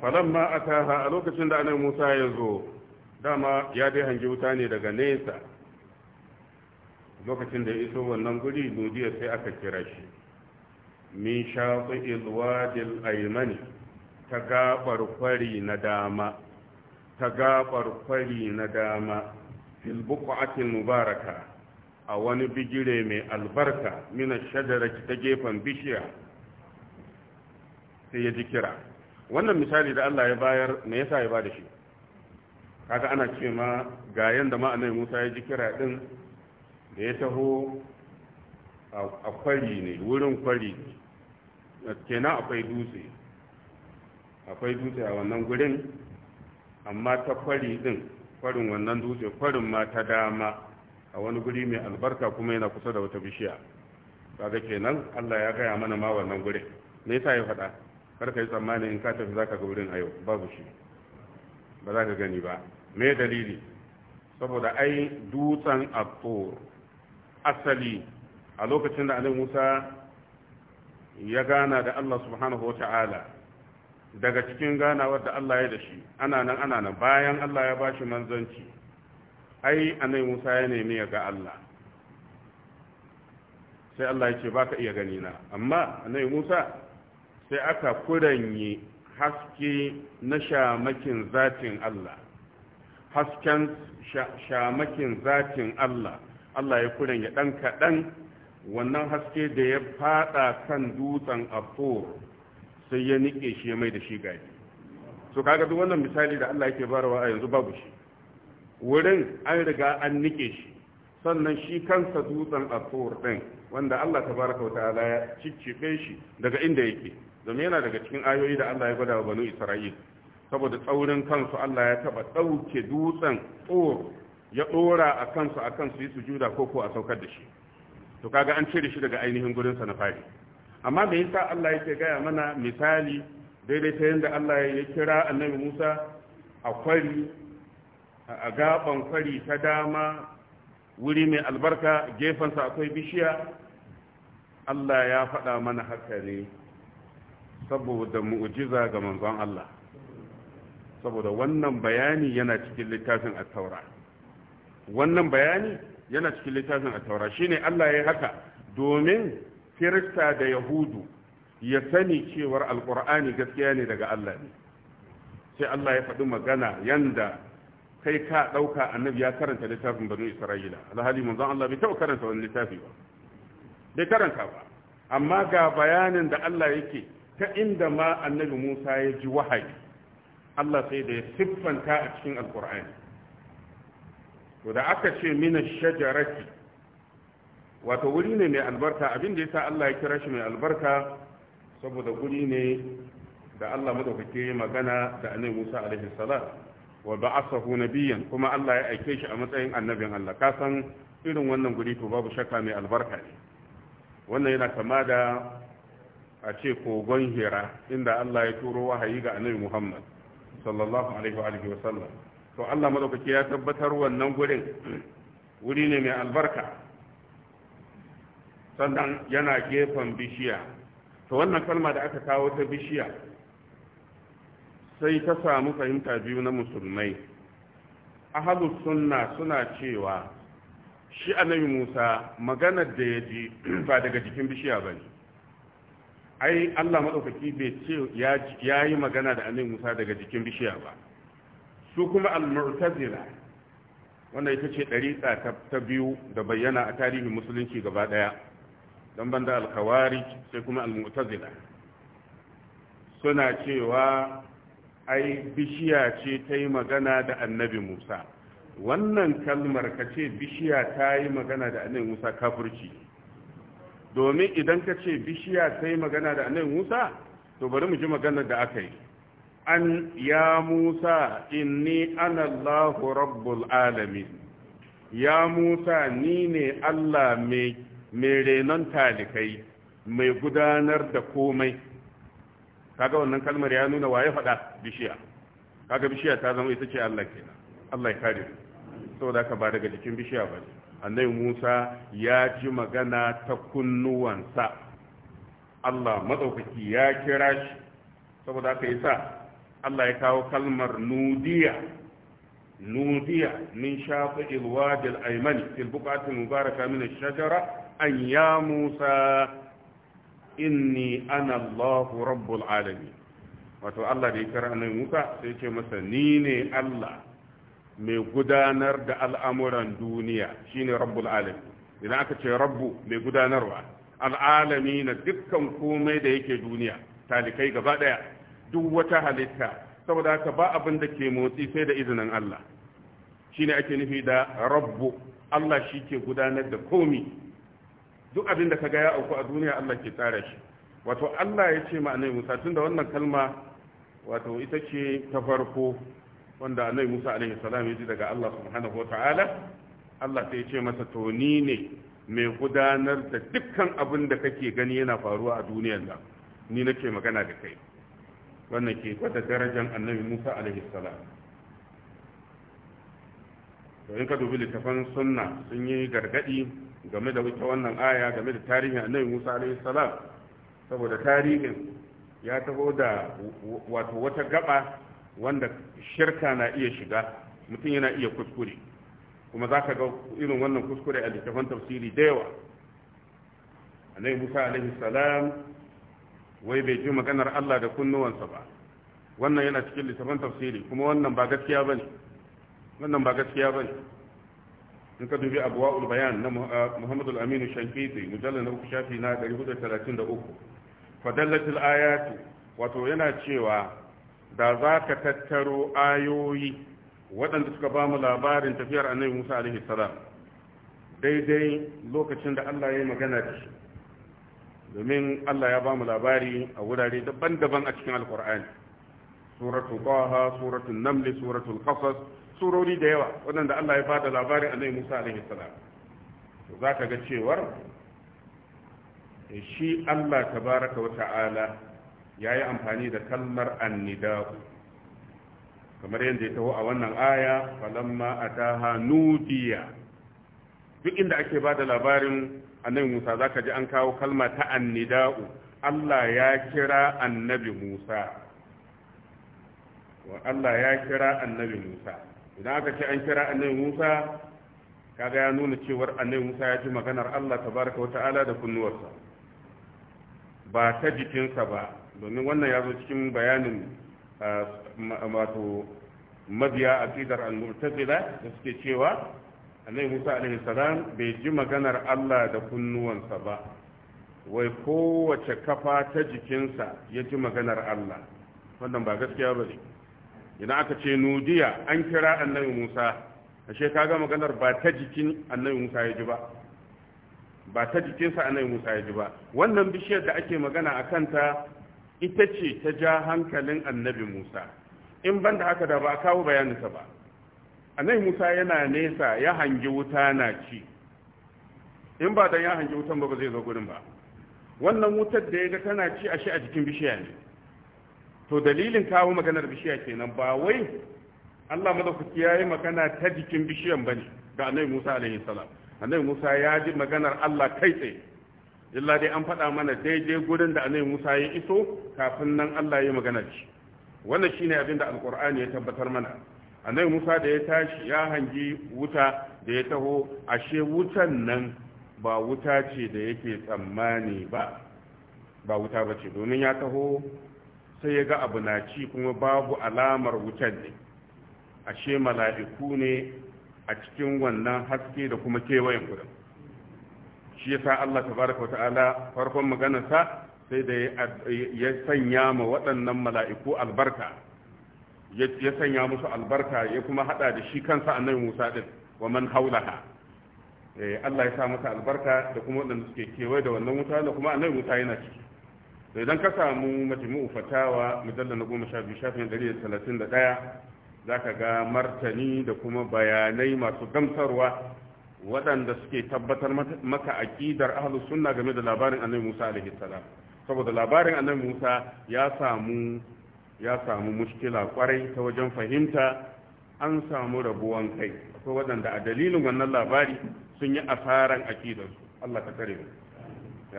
falamma ataha a lokacin da anan Musa ya zo dama ya dai hangi wuta ne daga nesa lokacin da ya iso wannan guri nudiya sai aka kira shi min shafi ilwadil aimani ta gabar kwari na dama ta gabar kwari na dama fil buqatil mubaraka a wani bigire mai albarka mina shajara ta gefen bishiya sai ya ji kira wannan misali da Allah ya bayar me yasa ya da shi kaga ana ce ma ga yadda ma Musa ya ji kira din da ya taho a kwari ne wurin kwari kenan akwai dutse akwai dutse a wannan gurin amma ta kwari din kwarin wannan dutse kwarin ma ta dama a wani guri mai albarka kuma yana kusa da wata bishiya kaga kenan Allah ya gaya mana ma wannan guri me yasa ya faɗa kar ka yi tsammani in ka tafi zaka ga wurin a yau babu shi ba za ka gani ba me dalili saboda ai dutsen abu asali a lokacin da annabi Musa ya gana da Allah subhanahu wata'ala daga cikin ganawar da Allah ya da shi ana nan ana nan bayan Allah ya bashi manzanci ai anai Musa ya nemi ya ga Allah sai Allah ya ce ba ka iya gani na amma anai Musa sai aka kuranye haske na shamakin zatin Allah hasken shamakin zatin Allah Allah ya kuranye dan kaɗan wannan haske da ya fada kan dutsen afur sai ya nike shi ya mai da shi gari so kaga duk wannan misali da Allah yake barawa a yanzu babu shi wurin an riga an nike shi sannan shi kansa dutsen asur din wanda Allah ta wata ala ya ciccibe shi daga inda yake zama yana daga cikin ayoyi da Allah ya gwada wa banu Isra'il saboda tsaurin kansu Allah ya taɓa ɗauke dutsen tsoro ya ɗora a kansu a kansu yi sujuda ko ko a saukar da shi to kaga an cire shi daga ainihin gurinsa na fari amma me yasa Allah yake gaya mana misali daidai ta yadda Allah ya kira annabi Musa a kwari a gaban kwari ta dama wuri mai albarka gefensa akwai bishiya Allah ya faɗa mana haka ne saboda mu'jiza ga manzon Allah saboda wannan bayani yana cikin littafin at-taura wannan bayani yana cikin littafin at-taura shine Allah ya yi haka domin kirista da yahudu ya sani cewar alkur'ani gaskiya ne daga Allah ne sai Allah ya faɗi magana yanda kai ka ɗauka annabi ya karanta littafin banu isra'ila alhali manzon Allah bai taɓa karanta wani littafi ba bai karanta ba amma ga bayanin da Allah yake ta inda ma annabi Musa ya ji wahayi Allah sai da ya siffanta a cikin alkur'ani to da aka ce mina shajarati wato wuri ne mai albarka abin da ya sa Allah ya kira shi mai albarka saboda guri ne da Allah madaukake magana da annabi Musa alaihi salam wa ba'athahu nabiyyan kuma Allah ya aike shi a matsayin annabin Allah ka san irin wannan guri to babu shakka mai albarka ne wannan yana kama da a ce kogon hira inda Allah ya turo wahayi ga annabi Muhammad sallallahu alaihi wa alihi wa sallam to Allah madaukake ya tabbatar wannan gurin wuri ne mai albarka sannan yana gefen bishiya to wannan kalma da aka kawo ta bishiya sai ta samu fahimta biyu na musulmai ahalus sunna suna cewa shi annabi musa maganar da ya ji ba daga jikin bishiya ba ne ai allah maɗaukaki bai ce ya yi magana da annabi musa daga jikin bishiya ba su kuma al-mu'tazila wanda ita ce ɗariƙa ta biyu da bayyana a tarihin musulunci gaba ɗaya don banda alkawari sai kuma almutazila suna cewa ai bishiya ce ta yi magana da annabi musa wannan kalmar ka ce bishiya ta yi magana da annabi musa kafirci domin idan ka ce bishiya ta yi magana da annabi musa to bari mu ji maganar da aka yi an ya musa inni ana allahu rabbul alamin ya musa ni ne allah mai mai renon talikai mai gudanar da komai kaga wannan kalmar ya nuna waye faɗa bishiya kaga bishiya ta zama ita ce Allah kenan Allah ya kare mu saboda ka ba daga jikin bishiya ba annabi Musa ya ji magana ta kunnuwansa Allah madaukaki ya kira shi saboda ka yasa Allah ya kawo kalmar nudiya nudiya min shafi ilwadil aimani fil bukatin mubaraka min shajara anya musa inni ana allahu rabbul alami wato allah da ya kira annabi musa sai ce masa ni ne allah mai gudanar da al'amuran duniya shine rabbul alami idan aka ce rabbu mai gudanarwa al'alami na dukkan komai da yake duniya talikai gaba daya duk wata halitta saboda haka ba abin da ke motsi sai da izinin Allah shine ake nufi da rabbu Allah shi ke gudanar da komi duk abin da ka ga ya auku a duniya Allah ke tsara shi wato Allah ya ce ma'anai Musa tun da wannan kalma wato ita ce ta farko wanda annabi Musa alaihi salam ya ji daga Allah subhanahu wa ta'ala Allah sai ya ce masa to ni ne mai gudanar da dukkan abin da kake gani yana faruwa a duniyar nan ni nake magana da kai wannan ke gwada darajar annabi musa alaihi salam to in ka dubi littafan sunna sun yi gargadi game da wuce wannan aya game da tarihin annabi musa alaihi salam saboda tarihin ya taho da wato wata gaba wanda shirka na iya shiga mutum yana iya kuskure kuma za ka ga irin wannan kuskure a littafan tafsiri da yawa annabi musa alaihi salam wai bai ji maganar Allah da kunnuwansa ba wannan yana cikin littafin tafsiri kuma wannan ba gaskiya bane wannan ba gaskiya bane in ka dubi abwaul bayan na ah, Muhammad al-Amin Shankiti mujallal na uku shafi na 433 fadallatul ayatu wato yana cewa da za ka tattaro ayoyi waɗanda suka ba mu labarin tafiyar annabi Musa alaihi salam daidai lokacin da Allah ya yi magana da shi domin Allah ya bamu labari a wurare daban-daban a cikin alkur'ani suratul qaha suratul naml suratul qasas surori da yawa waɗanda Allah ya bada a nai Musa alaihi salam to zaka ga cewar shi Allah tabaraka wa ta'ala yayi amfani da kalmar annida'u kamar yadda ya taho a wannan aya falamma ataha nudiya duk inda ake bada labarin annabi musa za ka ji an kawo kalma ta annida'u allah ya kira annabi musa wa allah ya kira annabi musa idan aka ce an kira annabi musa kaga ya nuna cewar annabi musa ya ji maganar allah tabaraka wa ta'ala da kunnuwarsa ba ta jikinsa ba domin wannan ya zo cikin bayanin ah, wato mabiya aqidar al-mu'tazila da suke cewa annabi musa alaihi salam bai ji maganar allah da kunnuwansa ba wai kowace kafa ta jikinsa ya ji maganar allah wannan ba gaskiya ba ne idan aka ce nudiya an kira annabi musa ashe kaga maganar ba ta jikin annabi musa ya ji ba ba ta jikinsa annabi musa ya ji ba wannan bishiyar da ake magana a kanta ita ce ta ja hankalin annabi musa in banda haka da ba a kawo bayaninsa ba annabi musa yana nesa ya hangi wuta na ci in ba dan ya hangi wutan ba ba zai zo gurin ba wannan wutar da ya ga tana ci a shi a jikin bishiya ne to dalilin kawo maganar bishiya kenan ba wai Allah madaukaki ya yi magana ta jikin bishiyan bane ga annabi Musa alaihi salam annabi Musa ya ji maganar Allah kai tsaye illa dai an faɗa mana daidai gurin da annabi Musa ya iso kafin nan Allah ya yi maganar shi wannan shine abin da alqur'ani ya tabbatar mana annabi musa da ya tashi ya hangi wuta da ya taho ashe wutan nan ba wuta ce da yake tsammani ba ba wuta ba ce domin ya taho sai ya ga abu na ci kuma babu alamar wutan ne ashe mala'iku ne a cikin wannan haske da kuma kewayen gudun shi ya sa Allah ta tabaraka ta'ala farkon maganarsa sai da ya sanya ma waɗannan mala'iku albarka ya sanya musu albarka ya kuma hada da shi kansa annabi Musa din wa man haulaha eh, Allah ya sa masa albarka da kuma waɗanda suke kewaye da wannan wuta da kuma annabi Musa yana ciki da idan ka samu majmu'u fatawa mujallal na goma sha biyu shafin ɗari da talatin da ɗaya za ka ga martani da kuma bayanai masu gamsarwa waɗanda suke tabbatar maka aƙidar ahlus sunna game da labarin annabi Musa alaihi salam saboda labarin annabi Musa ya samu ya samu mushkila kwarai ta wajen fahimta an samu rabuwan kai akwai waɗanda a dalilin wannan labari sun yi asaran akidansu Allah ta kare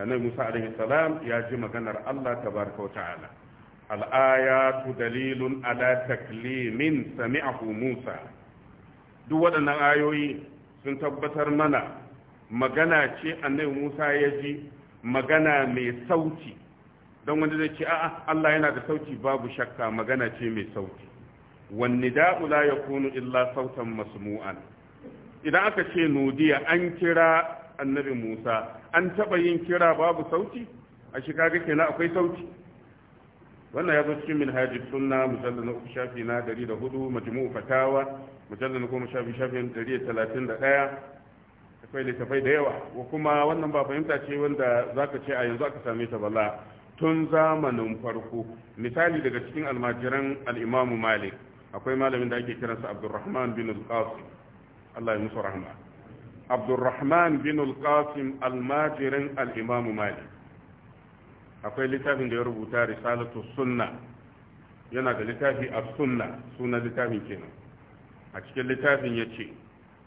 mu Musa alaihi salam ya ji maganar Allah tabaraka wa ta'ala al-ayatu dalilun ala taklimin sami'ahu Musa duk waɗannan ayoyi sun tabbatar mana magana ce annabi Musa ya ji magana mai sauti don wanda zai ce a'a Allah yana da sauti babu shakka magana ce mai sauti wan nida'u la yakunu illa sautan masmu'an idan aka ce nudiya an kira annabi Musa an taba yin kira babu sauti a shi kaga kenan akwai sauti wannan ya zo cikin hajji sunna mujallal na uku shafi na 104 majmu'u fatawa mujallal na goma shafi shafi 131 akwai littafai da yawa Ko kuma wannan ba fahimta ce wanda zaka ce a yanzu aka same ta Bala? tun zamanin farko misali daga cikin almajiran al'imamu malik akwai malamin da ake kiransa abdurrahman bin al-qasim Allah ya musu rahma abdurrahman bin al-qasim almajiran al'imamu malik akwai littafin da ya rubuta risalatu sunna yana da littafi a sunna suna littafin kenan a cikin littafin ya ce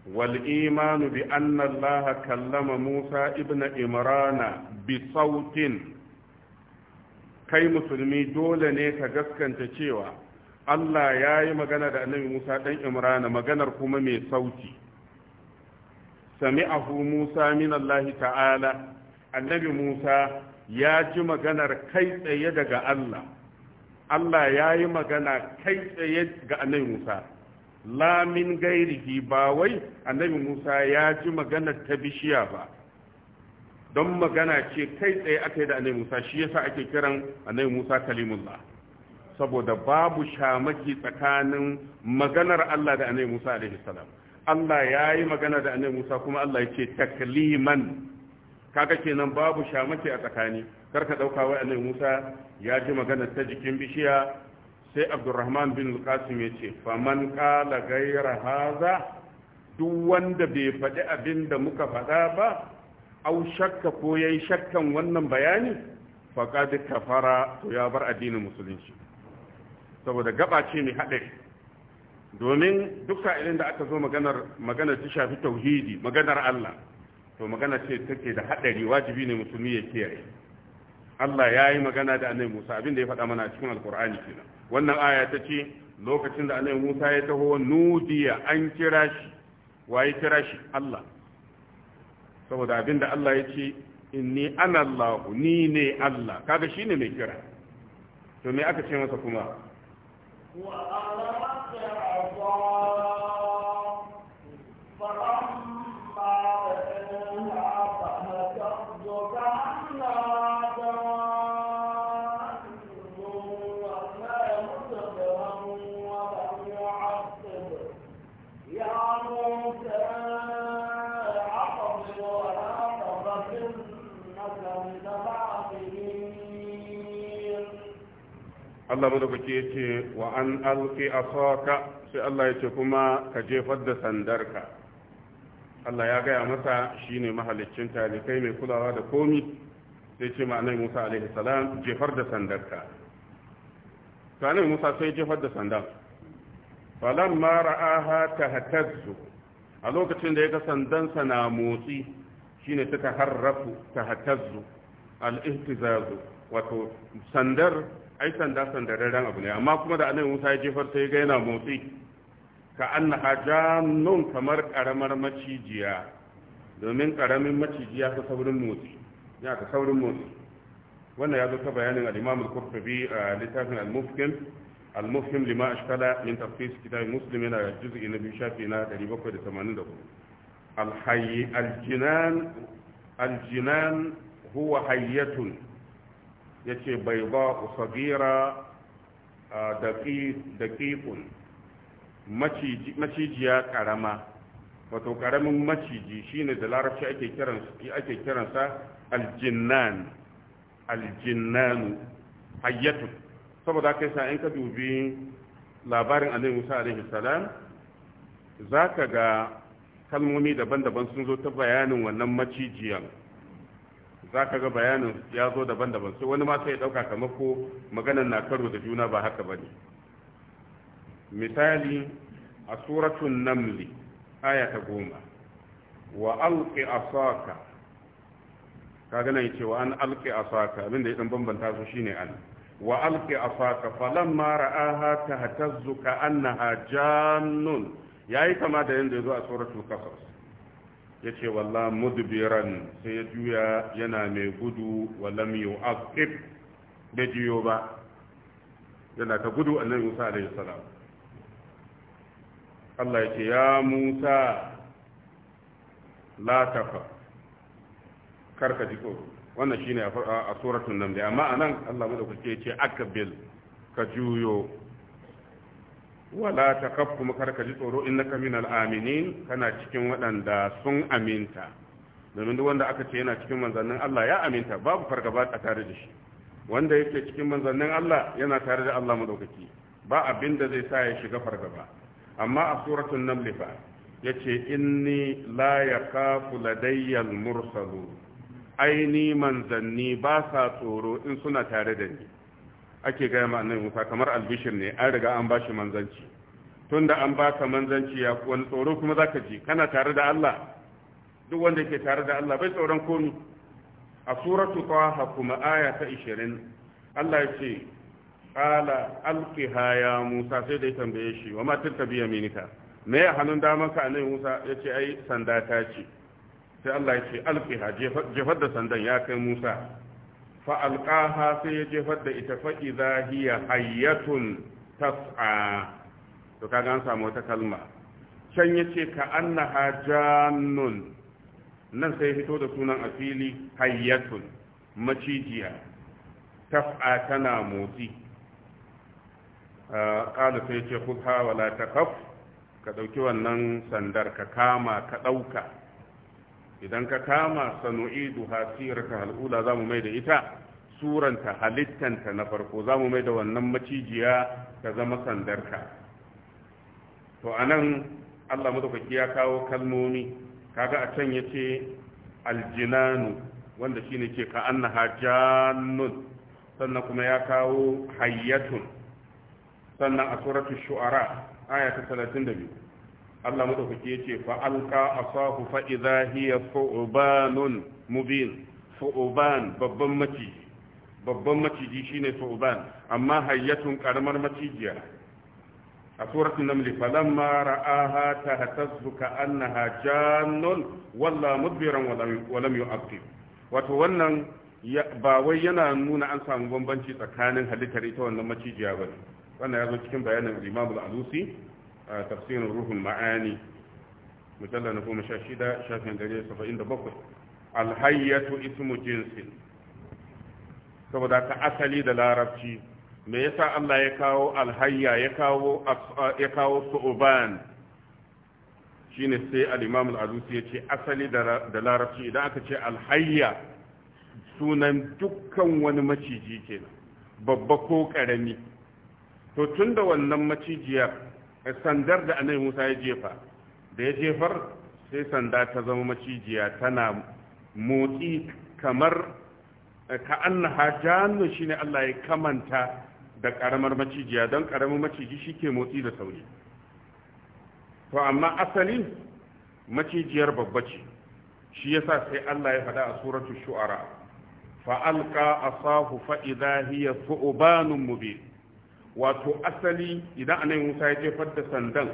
والإيمان بأن kallama Musa Ibn ابن إمران بصوت kai musulmi dole ne ka gaskanta cewa Allah ya yi magana da annabi Musa ɗan Imrana maganar kuma mai sauti sami'ahu Musa min Allah ta'ala annabi Musa ya ji maganar kai tsaye daga Allah Allah ya yi magana kai tsaye ga annabi Musa lamin gairiki ba wai annabi Musa ya ji maganar ta bishiya ba don magana ce kai tsaye aka yi da annabi musa shi yasa ake kiran annabi musa kalimullah saboda babu shamaki tsakanin maganar Allah da annabi Musa alaihi salam Allah ya yi magana da annabi Musa kuma Allah ya ce takliman kaga kenan babu shamaki a tsakani kar ka dauka wai annabi Musa ya ji magana ta jikin bishiya sai Abdurrahman bin Qasim ya ce faman qala ghayra hadha duk wanda bai faɗi abin da muka faɗa ba au shakka ko yayi shakkan wannan bayani faqad kafara to ya bar addinin musulunci saboda gaba ce mai hadari domin duka irin da aka zo maganar maganar ta shafi tauhidi maganar Allah to magana ce take da hadari wajibi ne musulmi ya kiyaye Allah ya yi magana da annabi Musa abin da ya faɗa mana cikin alkur'ani kenan wannan aya ta ce lokacin da annabi Musa ya taho nudiya an kira shi waye kira shi Allah saboda abin da Allah ya ce inni ana Allah ni ne Allah kaga shine mai kira to me aka ce masa kuma wa Allah madaukaki ya ce wa an alƙi asaka sai Allah ya ce kuma ka jefar da sandarka Allah ya gaya masa shine mahalicin talikai mai kulawa da komi sai ce ma'anai Musa alaihi salam jefar da sandarka sanar Musa sai jefar da sandan falan ma ra'aha hatazzu a lokacin da ya ga sandansa na motsi shine suka harrafu ta hatazzu al-ihtizazu wato sandar ai sanda sandararren abu ne amma kuma da annabi Musa ya jefar sai ga yana motsi ka annaha jannun kamar karamar macijiya domin karamin macijiya ya saurin motsi ya ka saurin motsi wannan ya zo ta bayanin al-Imam al-Qurtubi a littafin al-Mufhim al-Mufhim lima ashkala min tafsir kitab Muslim yana juz'i na biyu shafi na 784 al-hayy al-jinan al-jinan huwa hayyatun ya ce bai ba usagira da macijiya ƙarama wato ƙaramin maciji shine da larabci ake kiransa aljinnan aljinnanu hayyatun saboda kai sa in ka dubi labarin annabi musa alaihi salam za ka ga kalmomi daban-daban sun zo ta bayanin wannan macijiyan za ka ga bayanin ya zo daban-daban sai wani ma sai ya ɗauka kamar ko maganan na karo da juna ba haka ba ne misali a suratun namli aya ta goma wa alƙi asaka ka gana yi cewa an alƙi asaka abinda ya ɗan bambanta su shine an wa alƙi asaka falan mara ra'aha ta an na annaha ya yi kama da yadda ya zo a suratun qasas ya ce walla mudbiran sai ya juya yana mai gudu walla yu aqib da juyo ba yana ta gudu annabi Musa alaihi salam Allah ya ce ya Musa la tafa karka ji ko wannan shine a suratul naml amma anan Allah madaukake ya ce akabil ka juyo wala ta kaf ji tsoro in naka min al'aminin kana cikin waɗanda sun aminta domin duk wanda aka ce yana cikin manzannin Allah ya aminta babu fargaba a tare da shi wanda yake cikin manzannin Allah yana tare da Allah madaukaki ba abin da zai sa ya shiga fargaba amma a suratul naml fa yace inni la yakafu ladayya mursalu aini manzanni ba sa tsoro in suna tare da ni ake gaya ma annabi Musa kamar albishir ne an riga an bashi manzanci tunda an baka manzanci ya wani tsoro kuma zaka ji kana tare da Allah duk wanda yake tare da Allah bai tsoron komi a suratu taha kuma aya ta 20 Allah ya ce qala alqiha ya Musa sai da ya tambaye shi wa ma tilka bi yaminika me ya hannun damanka annabi Musa ya ce ai sanda ta ce sai Allah ya ce alqiha jefar da sandan ya kai Musa Fa fa'alƙaha sai ya jefar da ita fa'iza hiya hayyatun tas'a to kaga an samu wata kalma can ya ce ka annaha jannun nan sai fito da sunan a fili hayyatun macijiya tas'a tana motsi ƙala ah, sai ce kuka wala ta kaf ka ɗauki wannan sandar ka kama ka ɗauka idan ka kama sanu'idu hasirata al'ula za mu mai da ita suranta halittanta na farko zamu mai da wannan macijiya ta zama sandarka to a nan allah madaukaki ya kawo kalmomi kaga a can ya ce aljinanu wanda shine ke ka annaha jannun sannan kuma ya kawo hayyatun sannan a suratul shu'ara aya ta 32 Allah madaukaki yace fa alqa asahu fa idha hiya fu'banun mubin fu'ban babban maciji babban maciji shine fu'ban amma hayyatun karamar macijiya a suratul naml falamma ra'aha tahtazzu annaha, jannun walla mudbiran wa lam yu'aqib wato wannan ba wai yana nuna an samu bambanci tsakanin halittar ita wannan macijiya bane wannan ya zo cikin bayanin Imam Al-Alusi a tafsirin ruhun ma'ani mujalla na goma sha shida shafin dare saba'in da bakwai alhayyatu ismu jinsin saboda ta asali da larabci me yasa Allah ya kawo alhayya ya kawo ya shi ne sai al-Imam ya ce asali da larabci idan aka ce alhayya sunan dukkan wani maciji kenan babba ko karami to tun da wannan macijiyar. sandar da annabi Musa ya jefa da ya jefar sai sanda ta zama macijiya tana motsi kamar ka annaha jannu shine Allah ya kamanta da karamar macijiya don ƙaramin maciji shike motsi da sauri to amma asali macijiyar babba ce shi yasa sai Allah ya faɗa a suratu shu'ara fa alqa asahu fa idha hiya thu'banun mubin wato asali idan anayin Musa ya jefar da sandan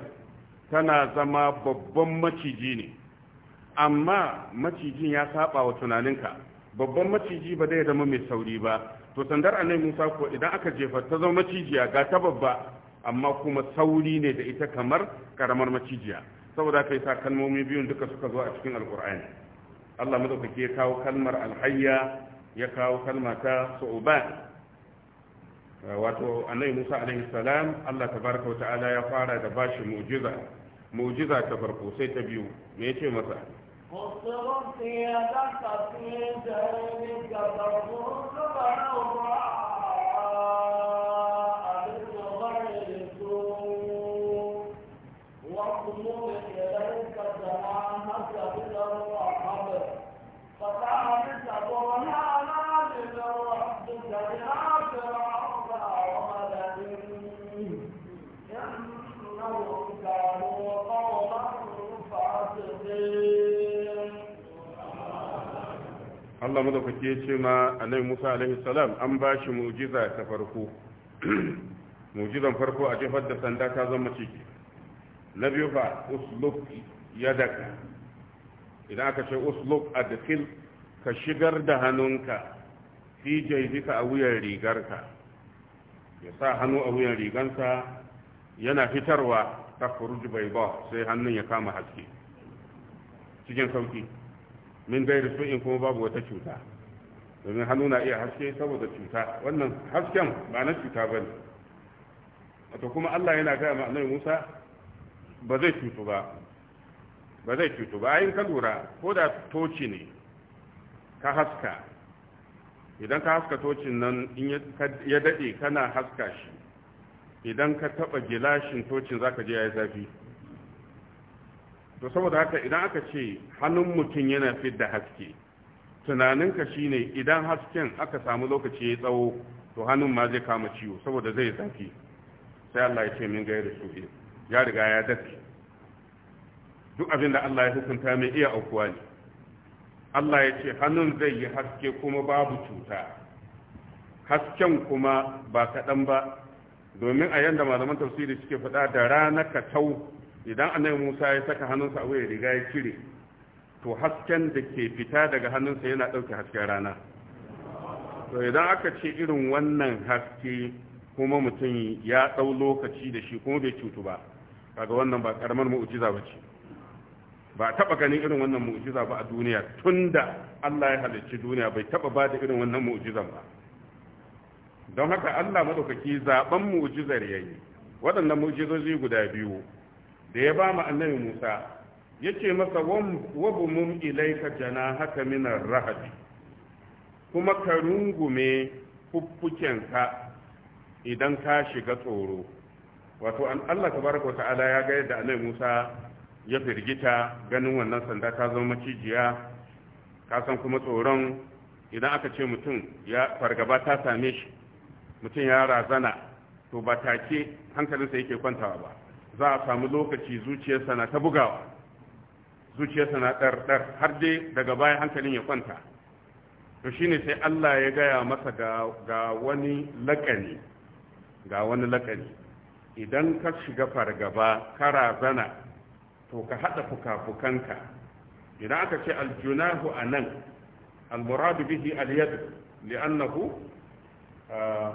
tana zama babban maciji ne amma macijin ya saba wa tunaninka babban maciji ba zai zama mai sauri ba to sandar anayin Musa ko idan aka jefa ta zama macijiya ga ta babba amma kuma sauri ne da ita kamar karamar macijiya saboda kai sa kalmomi biyun duka suka zo a cikin alkur'ani Allah madaukake ya kawo kalmar alhayya ya kawo kalma ta su'uban wato annabi Musa alaihi salam Allah tabaraka wa ta'ala ya fara da bashi mu'jiza mu'jiza ta farko sai ta biyu me yace masa Allah madaukaki ya ce ma Annabi Musa alaihi salam an ba shi mu'jiza ta farko mu'jizan farko a jefar da sanda ta zama ciki na biyu fa usluk yadaka idan aka ce usluk adkhil ka shigar da hannunka fi jaybika a wuyan rigarka ya sa hannu a wuyan rigansa yana fitarwa ta furuj bai ba sai hannun ya kama haske cikin sauki min gairu su'in kuma babu wata cuta domin hannu na iya haske saboda cuta wannan hasken ba na cuta ba ne wato kuma allah yana gaya ma annabi musa ba zai cutu ba ba zai cutu ba ayin ka lura ko da toci ne ka haska idan ka haska tocin nan in ya daɗe kana haska shi idan ka taɓa gilashin tocin za ka je ya yi zafi to saboda haka idan aka ce hannun mutum yana fidda haske tunaninka shine idan hasken aka samu lokaci ya tsawo to hannun ma zai kama ciwo saboda zai zafi sai Allah ya ce min gaya da su ya riga ya dace duk abin da Allah ya hukunta mai iya aukuwa ne Allah ya ce hannun zai yi haske kuma babu cuta hasken kuma ba kaɗan ba domin a yanda malaman tafsiri suke faɗa da rana ka tau idan annabi musa ya saka hannunsa a wuya riga ya cire to hasken da ke fita daga hannunsa yana ɗauke hasken rana to idan aka ce irin wannan haske kuma mutum ya ɗau lokaci da shi kuma bai cutu ba kaga wannan ba karamar mu'jiza ba ce ba taɓa ganin irin wannan mu'jiza ba a duniya tunda Allah ya halicci duniya bai taɓa ba da irin wannan mu'ujizan ba don haka Allah madaukaki zaben mu'jizar yayi waɗannan mu'jizoji guda biyu da ya ba mu annabi musa ya ce masa wabu mum ilaika jana haka minar rahabi kuma ka rungume fuffukenka idan ka shiga tsoro wato an allah tabaraka wa ta'ala ya ga yadda annabi musa ya firgita ganin wannan sanda ta zama macijiya ka san kuma tsoron idan aka ce mutum ya fargaba ta same shi mutum ya razana to ba take hankalinsa yake kwantawa ba za a samu lokaci zuciyarsa na ta bugawa zuciyarsa na ɗarɗar har dai daga baya hankalin ya kwanta to shine sai Allah ya gaya masa ga wani laƙani ga wani laƙani idan ka shiga fargaba kara zana to ka haɗa fuka-fukanka idan aka ce aljunahu a nan almuradu bihi aliyadu li'annahu ah,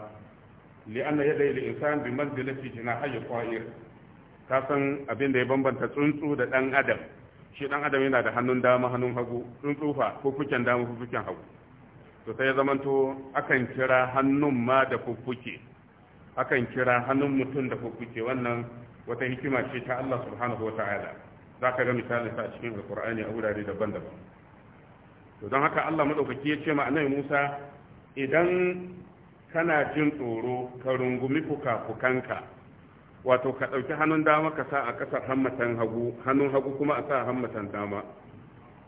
li'anna yadda insan bi manzilati jinahayi qa'ir ka san abin da ya bambanta tsuntsu da dan adam shi dan adam yana da hannun dama hannun hagu tsuntsu fa fuffuken dama fuffuken hagu to sai ya zamanto akan kira hannun ma da fuffuke akan kira hannun mutum da fuffuke wannan wata hikima ce ta Allah subhanahu wa ta'ala za ka ga misali sa a cikin alkur'ani a wurare daban-daban to don haka Allah madaukaki ya ce ma annabi Musa idan kana jin tsoro ka rungumi fuka-fukanka wato ka ɗauki hannun dama ka sa a ƙasar hammatan hagu hannun hagu kuma a sa a hammatan dama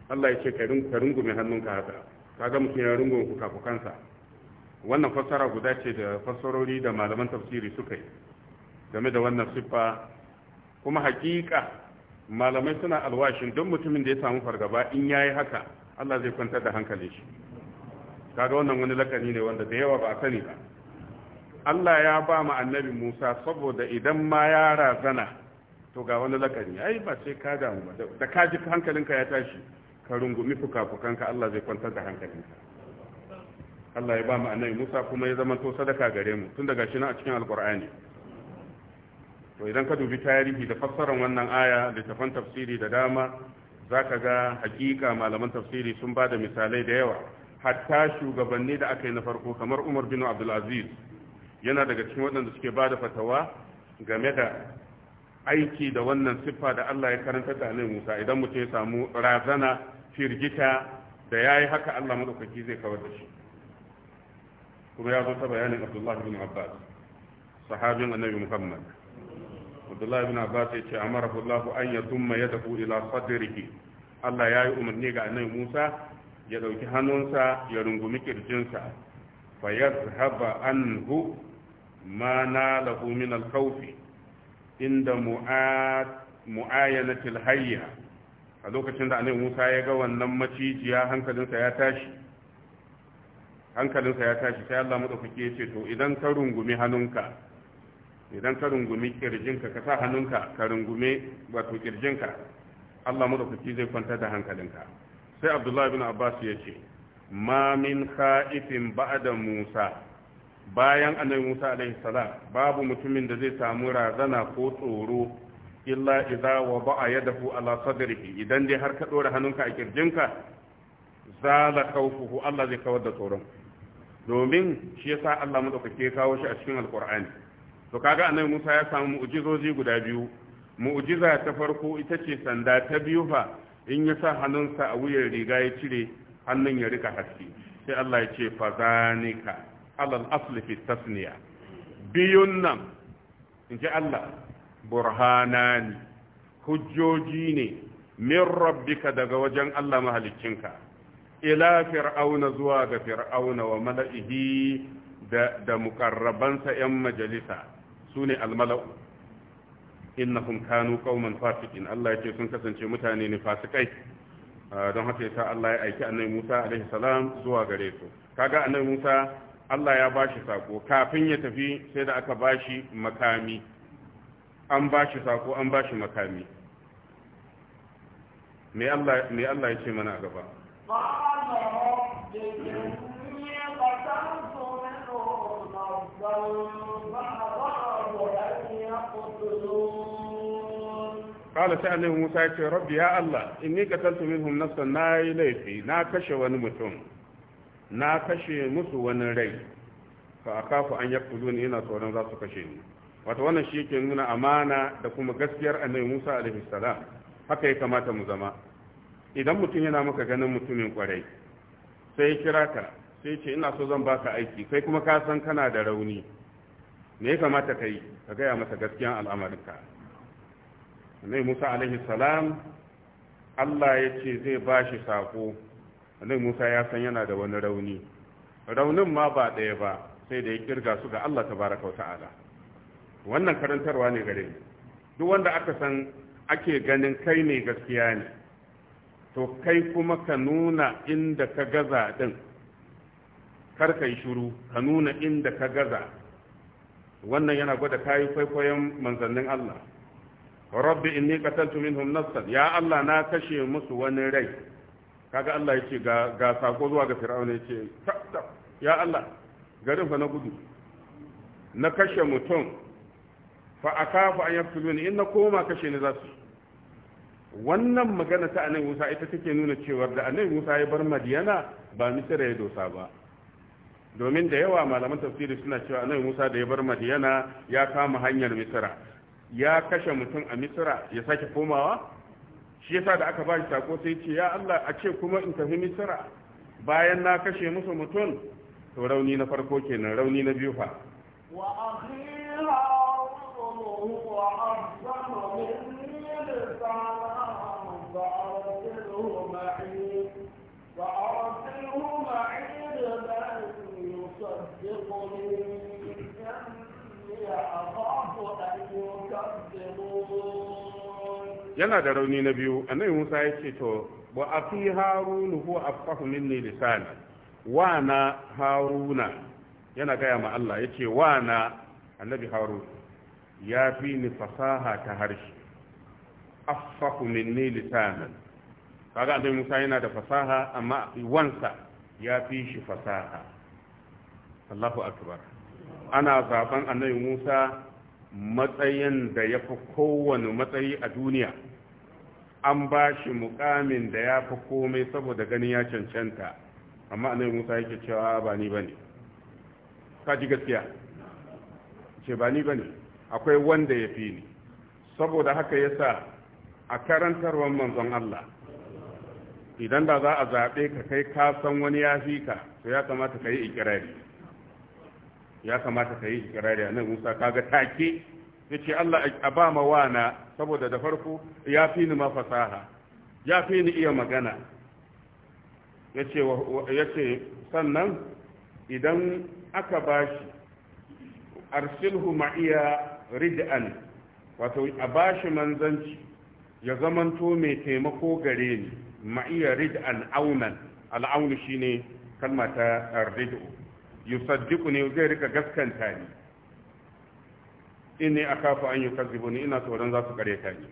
Allah ya ce ka rungume hannunka haka ga mutum ya rungume kafu kansa wannan fassara guda ce da fassarori da malaman tafsiri suka yi game da wannan siffa kuma hakika malamai suna alwashin don mutumin da ya samu fargaba in ya yi haka Allah zai kwantar da hankali shi kaga wannan wani lakani ne wanda da yawa ba a sani ba Allah ya ba mu annabi Musa saboda idan ma ya razana to ga wani lakari ai ba sai ka damu ba da ka ji hankalinka ya tashi ka rungumi fuka Allah zai kwantar da hankalinka Allah ya ba mu annabi Musa kuma ya zama to sadaka gare mu tun daga shi na a cikin alkur'ani to idan ka dubi tarihi da fassarar wannan aya tafan tafsiri da dama zaka ga hakika malaman tafsiri sun ba da misalai da yawa hatta shugabanni da aka yi na farko kamar Umar bin Abdul Aziz yana daga cikin waɗanda suke ba da fatawa game da aiki da wannan siffa da Allah ya karanta da Annabi Musa idan mutum ya samu razana firgita da yayi haka Allah madaukaki zai kawar da shi kuma ya zo ta bayanin Abdullah ibn Abbas sahabin Annabi Muhammad Abdullah ibn Abbas ya ce amara Allah an ya dafu ila sadrihi Allah ya yi umarni ga Annabi Musa ya dauki hannunsa ya rungumi kirjinsa fa yazhaba anhu ma na lahu min inda mu'ayanatil hayya a lokacin da annabi Musa ya ga wannan macijiya hankalinsa ya tashi sai Allah madaukake ya ce to idan ka rungumi hannunka ka rungumi hannunka ka rungume wato kirjinka Allah madaukake zai kwanta da hankalinka sai Abdullah bin Abbas ya ce ma min ba'da Musa bayan annabi Musa alaihi salam babu mutumin da zai samu razana ko tsoro illa idza wada'a yadahu ala sadrihi idan dai har ka dora hannunka a kirjinka zala khawfuhu Allah zai kawar da tsoron domin shi yasa Allah madaukake ya kawo shi a cikin alqur'ani to kaga annabi Musa ya samu mu'jizozi guda biyu mu'jiza ta farko ita ce sanda ta biyu fa in ya sa hannunsa a wuyan riga ya cire hannun ya rika haske sai Allah ya ce fazanika alal asli fi tasniya biyun nan in ji Allah burhanani hujjoji ne min rabbika daga wajen Allah mahalicinka ila fir'auna zuwa ga fir'auna wa mala'ihi da da yan majalisa sune almala'u innahum kanu qauman fasiqin Allah yake sun kasance mutane ne fasikai ah, don haka yasa Allah ya aiki annabi Musa alaihi salam zuwa gare su kaga annabi Musa Allah ya ba shi sako kafin ya tafi sai da aka ba shi makami an ba shi sako an ba shi makami me Allah me Allah ya ce mana a gaba قال سأله موسى يا ربي يا الله إني قتلت منهم نفسا ناي ليفي نا كشوان متون na kashe musu wani rai fa akafu an yaqtuluni ina tsoron za su kashe ni wato wannan shi yake nuna amana da kuma gaskiyar annabi Musa alaihi salam haka ya kamata mu zama idan mutum yana maka ganin mutumin kwarai sai ya kira ka sai ce ina so zan baka aiki kai kuma ka san kana da rauni me ya kamata kai ka gaya masa gaskiyan al'amarinka annabi Musa alaihi salam Allah ya ce zai ba shi sako annabi Musa ya san yana da wani rauni raunin ma ba ɗaya ba sai da ya kirga su ga Allah tabaraka wa ta'ala wannan karantarwa ne gare ni duk wanda aka san ake ganin kai ne gaskiya ne to kai kuma ka nuna inda ka gaza din kar ka yi shiru ka nuna inda ka gaza wannan yana gwada kayi kwaikwayon manzannin Allah rabbi inni qataltu minhum nafsan ya Allah na kashe musu wani rai kaga Allah ya ce ga sako zuwa ga fir'auna ya ce ya Allah garin fa na gudu na kashe mutum fa fa an yaktulun in na koma kashe ni za su wannan magana ta annabi Musa ita take nuna cewa da annabi Musa ya bar Madiyana ba Misira ya dosa ba domin da yawa malaman tafsiri suna cewa nan Musa da ya bar Madiyana ya kama hanyar Misira. ya kashe mutum a Misira ya sake komawa shi yasa da aka bashi sako sai ce ya Allah a ce kuma in tafi misra bayan na kashe musu mutum to rauni na farko kenan rauni na biyu fa wa akhiru wa yana da rauni na biyu annabi musa ya ce to wa afi harunu huwa afqahu minni lisan wa na haruna yana gaya ma Allah ya ce wa na annabi harun ya fi ni fasaha ta harshe afqahu minni lisani kaga annabi musa yana da fasaha amma wansa ya fi shi fasaha Allahu akbar ana zaben annabi musa matsayin da ya fi kowane matsayi a duniya an ba shi mukamin da ya fi komai saboda gani ya cancanta amma annabi musa yake cewa ba ni ne ka ji gaskiya ce ba ni ba ne akwai wanda ya fi ni saboda haka ya sa a karantarwar manzon Allah idan da za a zaɓe ka kai ka san wani ya fi ka to ya kamata ka yi ikirari ya kamata ka yi ikirari annabi musa kaga take ya ce Allah a ba ma na saboda da farko ya fi ni ma fasaha ya fi ni iya magana ya ce sannan idan aka ba shi arsilhu ma'iya rid'an wato a ba shi manzanci ya zamanto mai taimako gare ni ma'iya rid'an aunan al'aunu shine kalma ta rid'u yusaddiqu ne zai rika gaskanta ne. inni akafu an yukazzibuni ina tsoron za su kare ta ni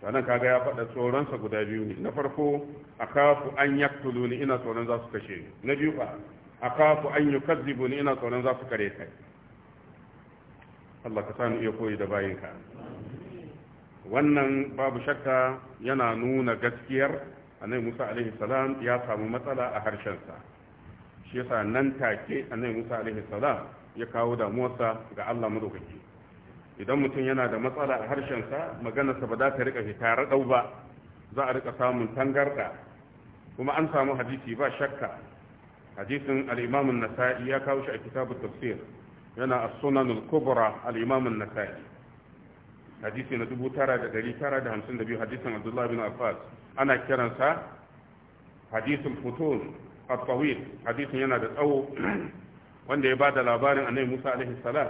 sannan kaga ya faɗa tsoronsa guda biyu ne na farko akafu an yaktuluni ina tsoron za su kashe ni na biyu fa akafu an yukazzibuni ina tsoron za su kare ta ni Allah ka sani iya koyi da bayin ka wannan babu shakka yana nuna gaskiyar annabi Musa alaihi salam ya samu matsala a harshensa shi yasa nan take annabi Musa alaihi salam ya kawo damuwarsa ga Allah madaukaki idan mutum yana da matsala a harshensa maganarsa ba za ta rika fita ɗau ba za a rika samun tangarɗa kuma an samu hadisi ba shakka hadisin al-imam an-nasa'i ya kawo shi a kitabu tafsir yana as-sunan al-kubra al-imam an-nasa'i hadisi na 9952 hadisin Abdullah bin Abbas ana kiransa hadisin futun at-tawil hadisin yana da tsawo wanda ya ba da labarin annabi Musa alaihi salam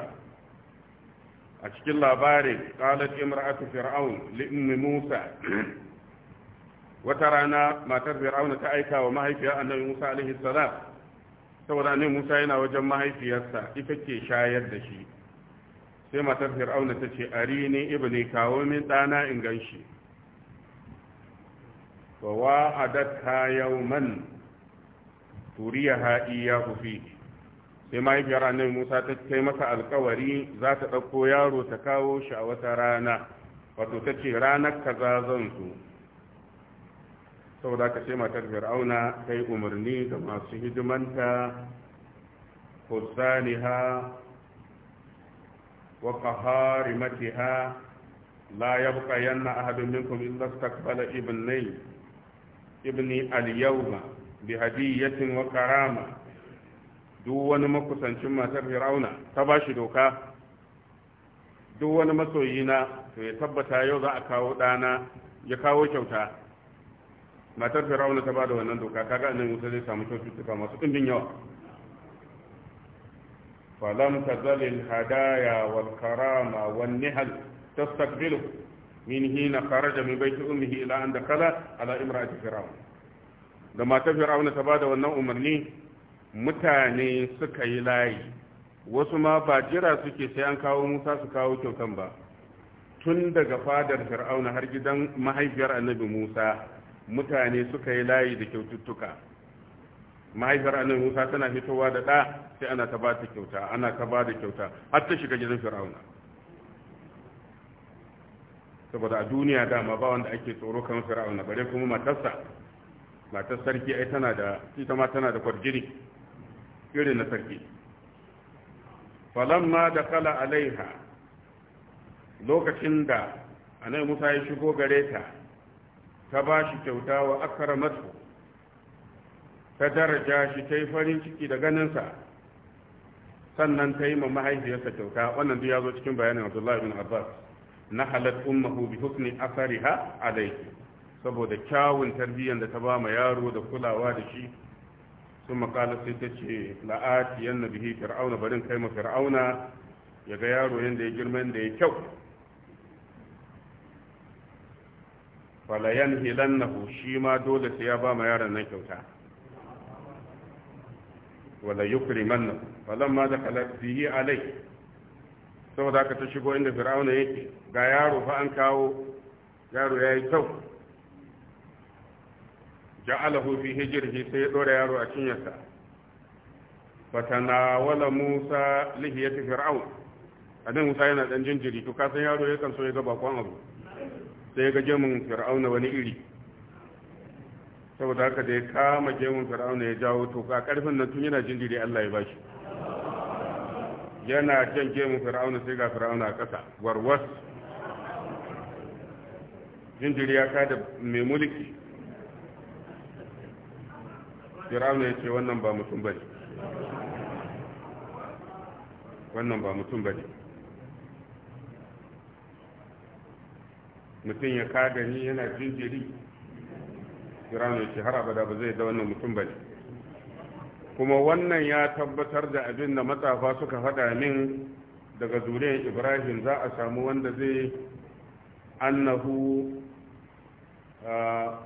a cikin labarin qalat imra'atu fir'aun li ummi Musa wata rana matar fir'auna ta aika wa mahaifiyar annabi Musa alaihi salam saboda annabi Musa yana wajen mahaifiyarsa ita ke shayar da shi sai matar fir'auna ta ce arini ibni kawo min dana in ganshi wa wa'adat ha yawman turiyaha iyyahu fihi sai mahaifiyar annabi musa ta kai masa alkawari za ta ɗauko yaro ta kawo shi a wata rana wato ta ce ranar kaza zan su saboda ka ce matar fir'auna ta yi umarni ga masu hidimanta hussaniha wa ha. la ya yana yanna hadin minkum illa istaqbala ibni ibni al-yawma bi hadiyatin wa karama duk wani makusancin matar firauna ta ba shi doka duk wani masoyina to ya tabbata yau za a kawo ɗana ya kawo kyauta matar firauna ta ba da wannan doka kaga annabi musa zai samu kyaututtuka masu ɗimbin yawa falam tazalil hadaya wal karama wan nihal tastaqbilu min hina kharaja min baiti ummihi ila an dakala ala imra'ati fir'auna da matar fir'auna ta ba da wannan umarni mutane suka yi layi wasu ma ba jira suke sai an kawo musa su kawo kyautan ba tun daga fadar fir'auna har gidan mahaifiyar annabi musa mutane suka yi layi da kyaututtuka mahaifiyar annabi musa tana fitowa da ɗa sai ana ta ba ta kyauta ana ta ba da kyauta har ta shiga gidan fir'auna saboda a duniya dama ba wanda ake tsoro kan fir'auna bare kuma matarsa matar sarki ai tana da ita ma tana da kwarjini irin na sarki falamma da kala alaiha lokacin da anai musa ya shigo gare ta ta ba shi kyauta wa akara matsu ta daraja shi ta yi farin ciki da ganinsa sannan ta yi ma mahaifiyarsa kyauta wannan duk ya zo cikin bayanin abdullahi bin abbas na halat ummahu bi husni asariha alaihi saboda kyawun tarbiyyar da ta ba ma yaro da kulawa da shi sun makala sai ta ce la'ati yan nabihi fir'auna barin kai ma fir'auna ya ga yaro yadda ya girma da ya kyau falayan hilannahu shi ma dole sai ya ba ma yaron nan kyauta wala yukrimannahu falamma dakala bihi alai saboda ka ta shigo inda fir'auna yake ga yaro fa an kawo yaro yayi kyau ja'alahu fi hijrihi sai ya dora yaro a cinyarsa fatanawala Musa lihiyat fir'aun adan Musa yana dan jinjiri to kasan yaro ya kan so ya ga bakon abu sai ya ga gemun fir'aun wani iri saboda haka da ya kama gemun fir'aun ya jawo to ka karfin nan tun yana jinjiri Allah ya bashi yana jan gemun fir'aun sai ga fir'aun a kasa warwas jinjiri ya kada mai mulki fir'auna ya ce wannan ba mutum ne wannan ba mutum ne mutum ya kada ni yana jinjiri fir'auna ya ce har abada ba zai da wannan mutum ne kuma wannan ya tabbatar da abin da matsafa suka faɗa min daga zuriyar ibrahim za a samu wanda zai annahu ah,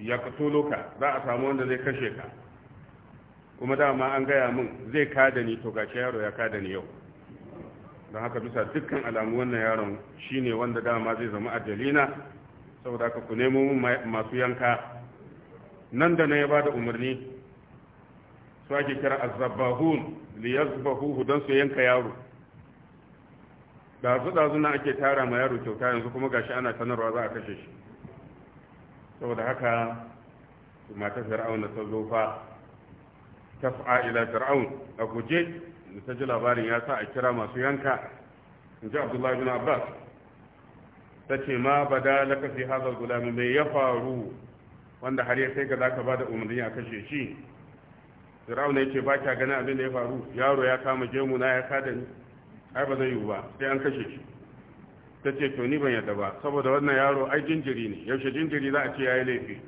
ya ka za a samu wanda zai kashe ka kuma dama an gaya min zai kada ni to gashi yaro ya kada ni yau don haka bisa dukkan alamu wannan yaron shine wanda dama zai zama ajalina saboda haka ku nemo masu yanka nan da na ya bada umarni su ake kira azzabahun li don su yanka yaro dazu dazu na ake tara ma yaro kyauta yanzu kuma gashi ana sanarwa za a kashe shi saboda haka mata fir'aun ta zo fa ta tafa ila fir'aun a guje da ta ji labarin ya sa a kira masu yanka in ji abdullahi bin abbas ta ce ma bada laka fi hazal gulami mai ya faru wanda har ya kai ga zaka bada umarni a kashe shi fir'aun ya ce ba kya ganin abin da ya faru yaro ya kama gemu na ya kada ni ai ba zai yiwu ba sai an kashe shi ta ce to ni ban yadda ba saboda wannan yaro ai jinjiri ne yaushe jinjiri za a ce ya yi laifi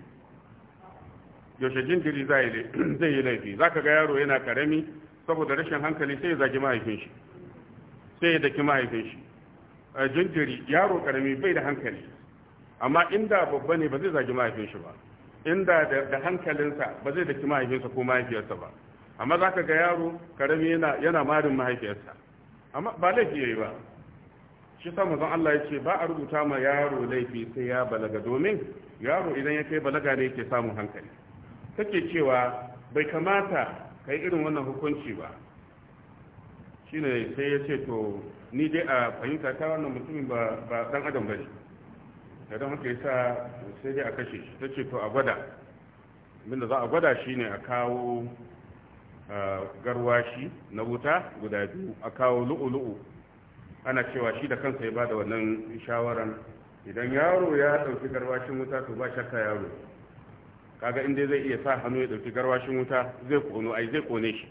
yaushe jinjiri za zai yi laifi za ka ga yaro yana karami saboda rashin hankali sai ya zagi mahaifin shi sai ya daki mahaifin shi eh, jinjiri yaro karami bai da hankali amma inda babba ne ba zai zagi mahaifin shi ba inda da hankalinsa ba zai daki mahaifinsa ko mahaifiyarsa ba amma za ka ga yaro karami yana marin mahaifiyarsa amma ba laifi yayi ba shi sa mazan Allah ya ce ba a rubuta ma yaro laifi sai ya balaga domin yaro idan ya kai balaga ne yake samun hankali take cewa bai kamata ka yi irin wannan hukunci ba shine sai ya ce to ni dai a fahimta ta wannan mutumin ba dan adam ne da don haka yasa sai dai a kashe shi ta ce to a gwada abinda za a gwada shine a kawo ah, garwashi na wuta guda biyu a kawo lu'ulu'u ana cewa shi da kansa ya bada wannan shawaran idan yaro ya dauki garwashin wuta to ba shakka yaro kaga inda zai iya sa hannu ya dauki garwashin wuta zai kono ai zai kone shi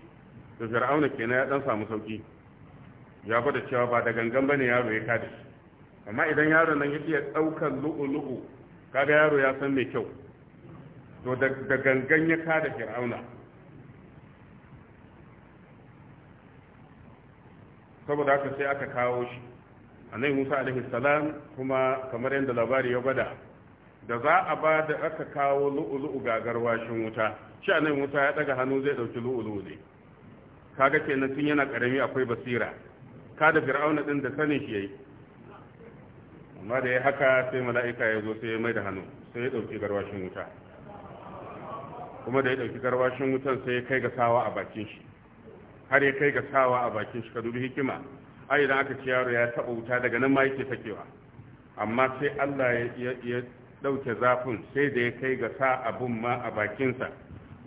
to fir'auna kenan ya dan samu sauki ya gwada cewa ba da gangan bane yaro ya kada shi amma idan yaro nan ya iya daukar lu'u-lu'u kaga yaro ya san mai kyau to da gangan ya kada fir'auna saboda haka sai aka kawo shi annabi Musa alaihi salam kuma kamar yadda labari ya bada da za a ba da aka kawo lu'ulu'u garwashin wuta shi annabi Musa ya daga hannu zai dauki lu'ulu'u ne kaga kenan tun yana karami akwai basira kada fir'auna din da sanin shi yayi amma da ya haka sai mala'ika ya zo sai ya mai da hannu sai ya dauki garwashin wuta kuma da ya dauki garwashin wutan sai ya kai ga sawa a bakin shi har ya kai ga sawa a bakin shi ka hikima ai idan aka ci yaro ya taba wuta daga nan ma yake sakewa amma sai Allah ya ɗauke zafin sai da ya kai ga sa abun ma a bakinsa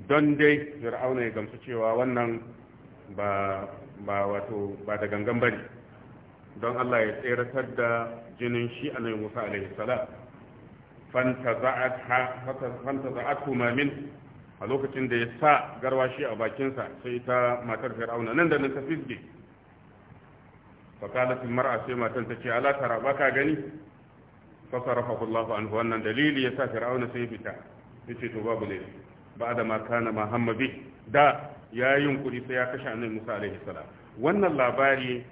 don dai fir'auna ya gamsu cewa wannan ba ba wato ba da gangan bari don Allah ya tseratar da jinin shi a nan Musa alaihi salam fantaza'at ha fantaza'at min a lokacin da ya sa garwashi a bakinsa sai ta matar fir'auna nan da nan ta fisge fakalatin mar'a sai matan ta ce ala tara ba ka gani sarafa kullahu anhu wannan dalili ya sa fir'auna sai fita yace to babu ne ba da ma kana muhammadi da ya yunkuri sai ya kashe annabi Musa alaihi salam wannan labari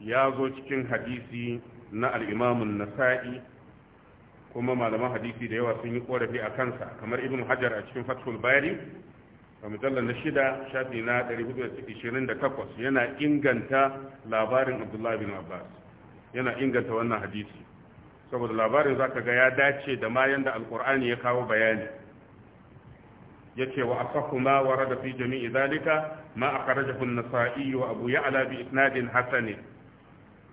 ya zo cikin hadisi na al-Imam an-Nasa'i kuma malaman hadisi da yawa sun yi korafi a kansa kamar ibn hajar a cikin fathul bayani a mujallar na shida shafi na 428 yana inganta labarin abdullahi bin abbas yana inganta wannan hadisi saboda labarin zaka ga ya dace da ma yanda alkur'ani ya kawo bayani yace wa asahu ma da fi jami'i zalika ma akhrajahu an-nasa'i wa abu ya'la Alabi isnadin hasan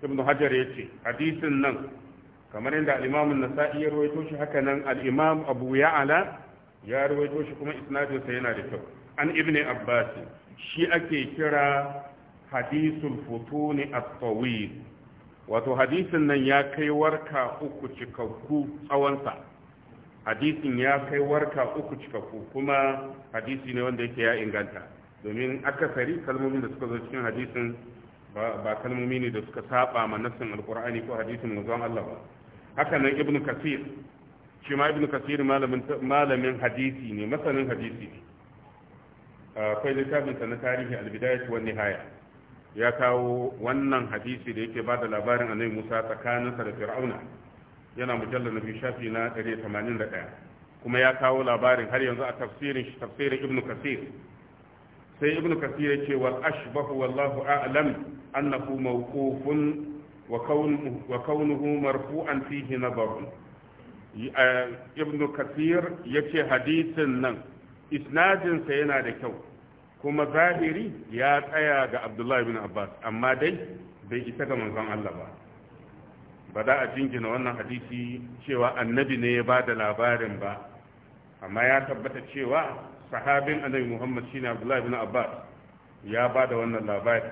ibn hajar yace hadisin nan kamar yadda al-imam nasai ya rawaito shi haka nan al-imam abu ya'ala ya rawaito shi kuma isnadin yana da kyau an ibni abbas shi ake kira hadisul futuni at-tawil wato hadisin nan ya kai warka uku cikakku tsawonsa hadisin ya kai warka uku cikakku kuma hadisi ne wanda yake ya inganta domin akasari kalmomin da suka zo cikin hadisin ba kalmomi ne da suka saba ma nassin alkur'ani ko hadisin manzon Allah ba haka nan ibn kasir shi ma ibn kasir malamin hadisi ne masanin hadisi ne akwai littafinsa na tarihi albidayat wa nihaya ya kawo wannan hadisi da yake bada labarin annabi Musa tsakaninsa da Fir'auna yana mujallar nabi shafi na 181 kuma ya kawo labarin har yanzu a tafsirin shi tafsirin Ibn kasir sai Ibn kasir ya ce wal ashbahu wallahu a'lam annahu mawqufun wa kaunuhu marfu'an fihi nazarun ibn kasir yace hadisin nan isnadinsa yana da kyau kuma zahiri ya tsaya ga abdullahi ibn abbas amma dai bai isa ga manzon Allah ba ba da a jingina wannan hadisi cewa annabi ne ya ba da labarin ba amma ya tabbata cewa sahabin annabi muhammad shine abdullahi bin abbas ya ba da wannan labari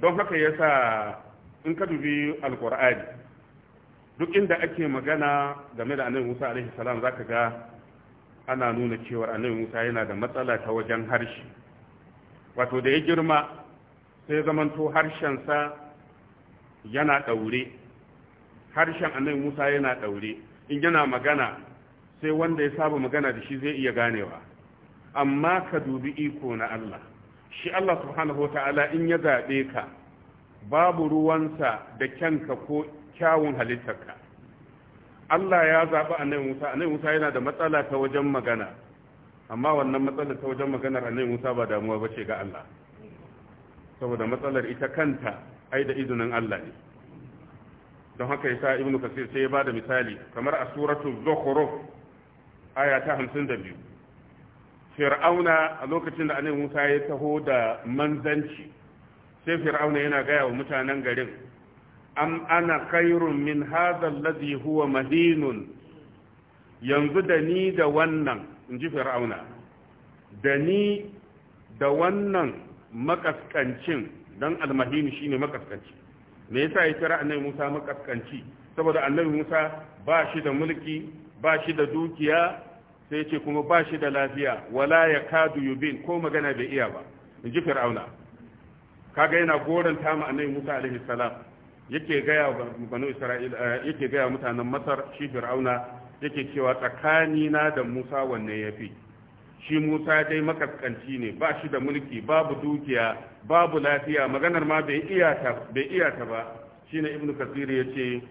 don haka sa. in ka dubi alkur'ani duk inda ake magana game da annabi musa alaihi salam zaka ga ana nuna cewa annabi musa yana da matsala ta wajen harshe wato da ya girma sai zamanto harshensa yana daure harshen annabi musa yana daure in yana magana sai wanda ya saba magana da shi zai iya ganewa amma ka dubi iko na allah shi allah subhanahu wa in ya zaɓe ka babu ruwansa da kyanka ko kyawun halittarka Allah ya zaɓi annabi Musa annabi Musa yana da matsala ta wajen magana amma wannan matsalar ta wajen maganar annabi Musa ba damuwa ba ce ga Allah saboda matsalar ita kanta ai da izinin Allah ne don haka yasa ibnu kasir sai ya bada misali kamar a suratul zukhruf aya ta 52 fir'auna a lokacin da annabi Musa ya taho da manzanci sai fir'auna yana gaya wa mutanen garin am ana khairun min hadha alladhi huwa mahinun yanzu da ni da wannan inji fir'auna da ni da wannan makaskancin dan almahini shine makaskanci me yasa ya kira annabi Musa makaskanci saboda annabi Musa ba shi da mulki ba shi da dukiya sai ce kuma ba shi da lafiya wala ya yubin ko magana bai iya ba inji fir'auna kaga yana goranta ma annabi Musa alaihi salam yake gaya wa banu Isra'il eh, yake gaya mutanen Masar shi Fir'auna yake cewa tsakani na da Musa wanne yafi shi Musa dai makaskanci ne ba shi da mulki babu dukiya babu lafiya maganar ma bai iya ta bai iya ta ba shine Ibn Kathir yace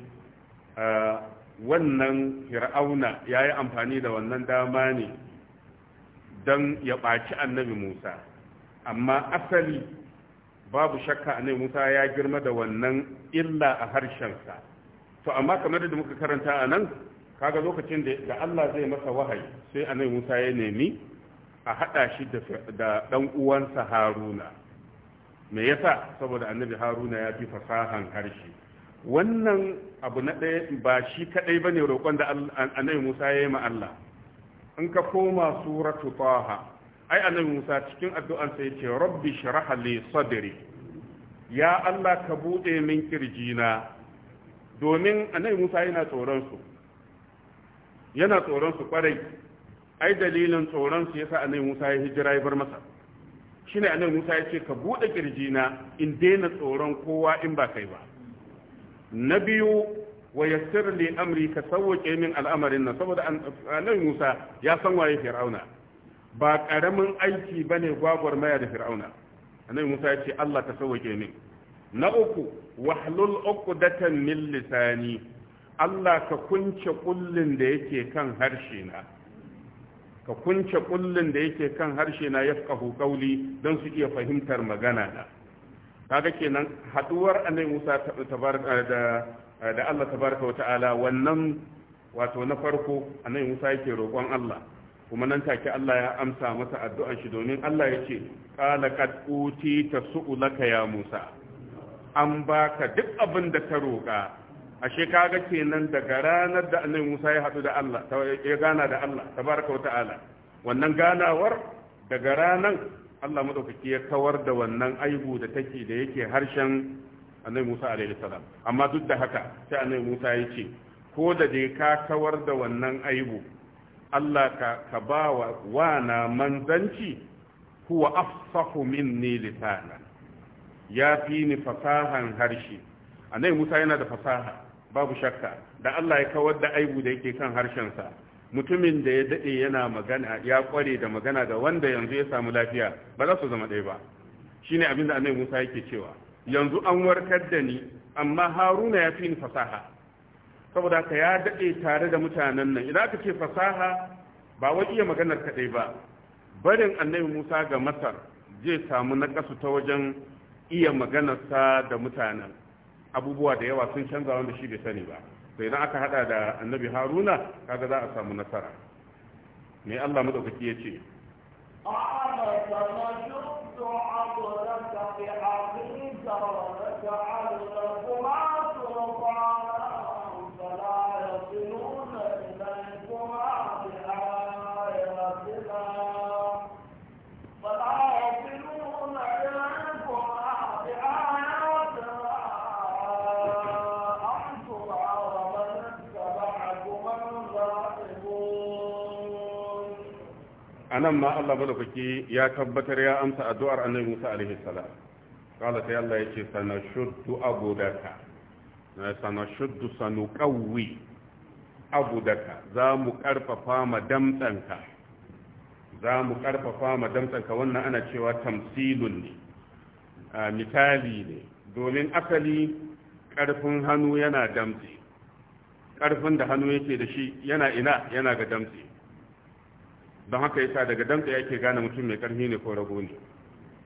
ah, wannan Fir'auna yayi amfani da wannan dama ne dan ya ɓaci annabi Musa amma asali babu shakka annabi Musa ya girma da wannan illa a harshensa to amma kamar da muka karanta anan, nan kaga lokacin da Allah zai masa wahayi sai annabi Musa ya nemi a hada shi da dan uwansa Haruna me yasa saboda annabi Haruna ya fi fasahan harshe wannan abu na ɗaya ba shi kadai bane roƙon da annabi Musa ya yi ma Allah in ka koma suratu Taha ai annabi Musa cikin sa yace rabbi shrah li sadri ya Allah ka bude min kirjina domin annabi Musa yana tsoron su yana tsoron su kwarai ai dalilin tsoron su yasa annabi Musa ya hijira ya bar masa shine annabi Musa ya ce ka bude kirjina in daina tsoron kowa in ba kai ba na biyu wa yassir li amri ka sauke min al'amarin nan saboda annabi Musa ya san waye Fir'auna ba ƙaramin aiki ba ne gwagwarmaya da fir'auna annabi musa ya ce allah ta sauwake min na uku wahlul uqdatan min lisani allah ka kunce kullin da yake kan harshe na ka kunce kullin da yake kan harshe na yafqahu qawli don su iya fahimtar magana na kaga kenan haduwar annabi musa da da allah tabaraka wa ta'ala wannan wato na farko annabi musa yake roƙon allah kuma nan take Allah ya amsa masa addu'an shi domin Allah ya ce qala qad ta su'ulaka ya Musa an baka duk abin da ka roƙa ashe ga kenan daga ranar da Annabi Musa ya hadu da Allah ya gana da Allah tabaraka ta'ala wannan ganawar daga ranar Allah madaukaki ya kawar da wannan aibu da take da yake harshen Annabi Musa alaihi salam amma duk da haka sai Annabi Musa ya ce ko da dai ka kawar da wannan aibu Allah ka ba wa wana manzanci huwa afsahu minni lisana ya fi ni fasahan harshe annabi Musa yana da fasaha babu shakka da Allah ya kawar da aibu da yake kan harshensa mutumin da ya dade yana magana ya kware da magana ga wanda yanzu ya samu lafiya ba za su zama ɗaya ba shine abinda da annabi Musa yake cewa yanzu an warkar da ni amma Haruna ya fi ni fasaha saboda ka ya daɗe tare da mutanen nan idan aka ce fasaha ba wai iya maganar kaɗai ba barin annabi musa ga masar zai samu na ta wajen iya sa da mutanen abubuwa da yawa sun canza wanda shi bai sani ba sai idan aka haɗa da annabi haruna kaga za a samu nasara me allah maɗaukaki ya ce anan ma Allah madaukaki ya tabbatar ya amsa addu'ar annabi Musa alaihi salam qala sai Allah yace sanashuddu abudaka na sanu sanuqawi abudaka za mu karfafa ma za mu karfafa ma damtsanka wannan ana cewa tamsilun ne misali ne domin asali karfin hannu yana damtse karfin da hannu yake da shi yana ina yana ga damtse don haka yasa daga damtse yake gane mutum mai karfi ne ko rago ne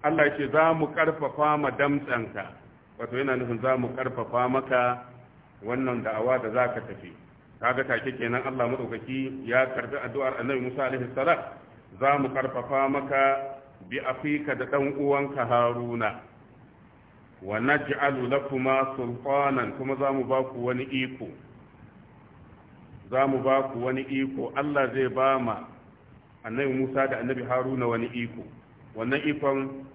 Allah ce za mu karfafa ma damtsanka wato yana nufin za mu karfafa maka wannan da'awa da za ka tafi kaga take kenan Allah madaukaki ya karbi addu'ar Annabi Musa alaihi salam za mu karfafa maka bi afika da ɗan uwanka haruna wa naj'alu lakuma sultanan kuma za mu ba ku wani iko za mu ba ku wani iko Allah zai ba ma annabi Musa da annabi Haruna wani iko wannan ikon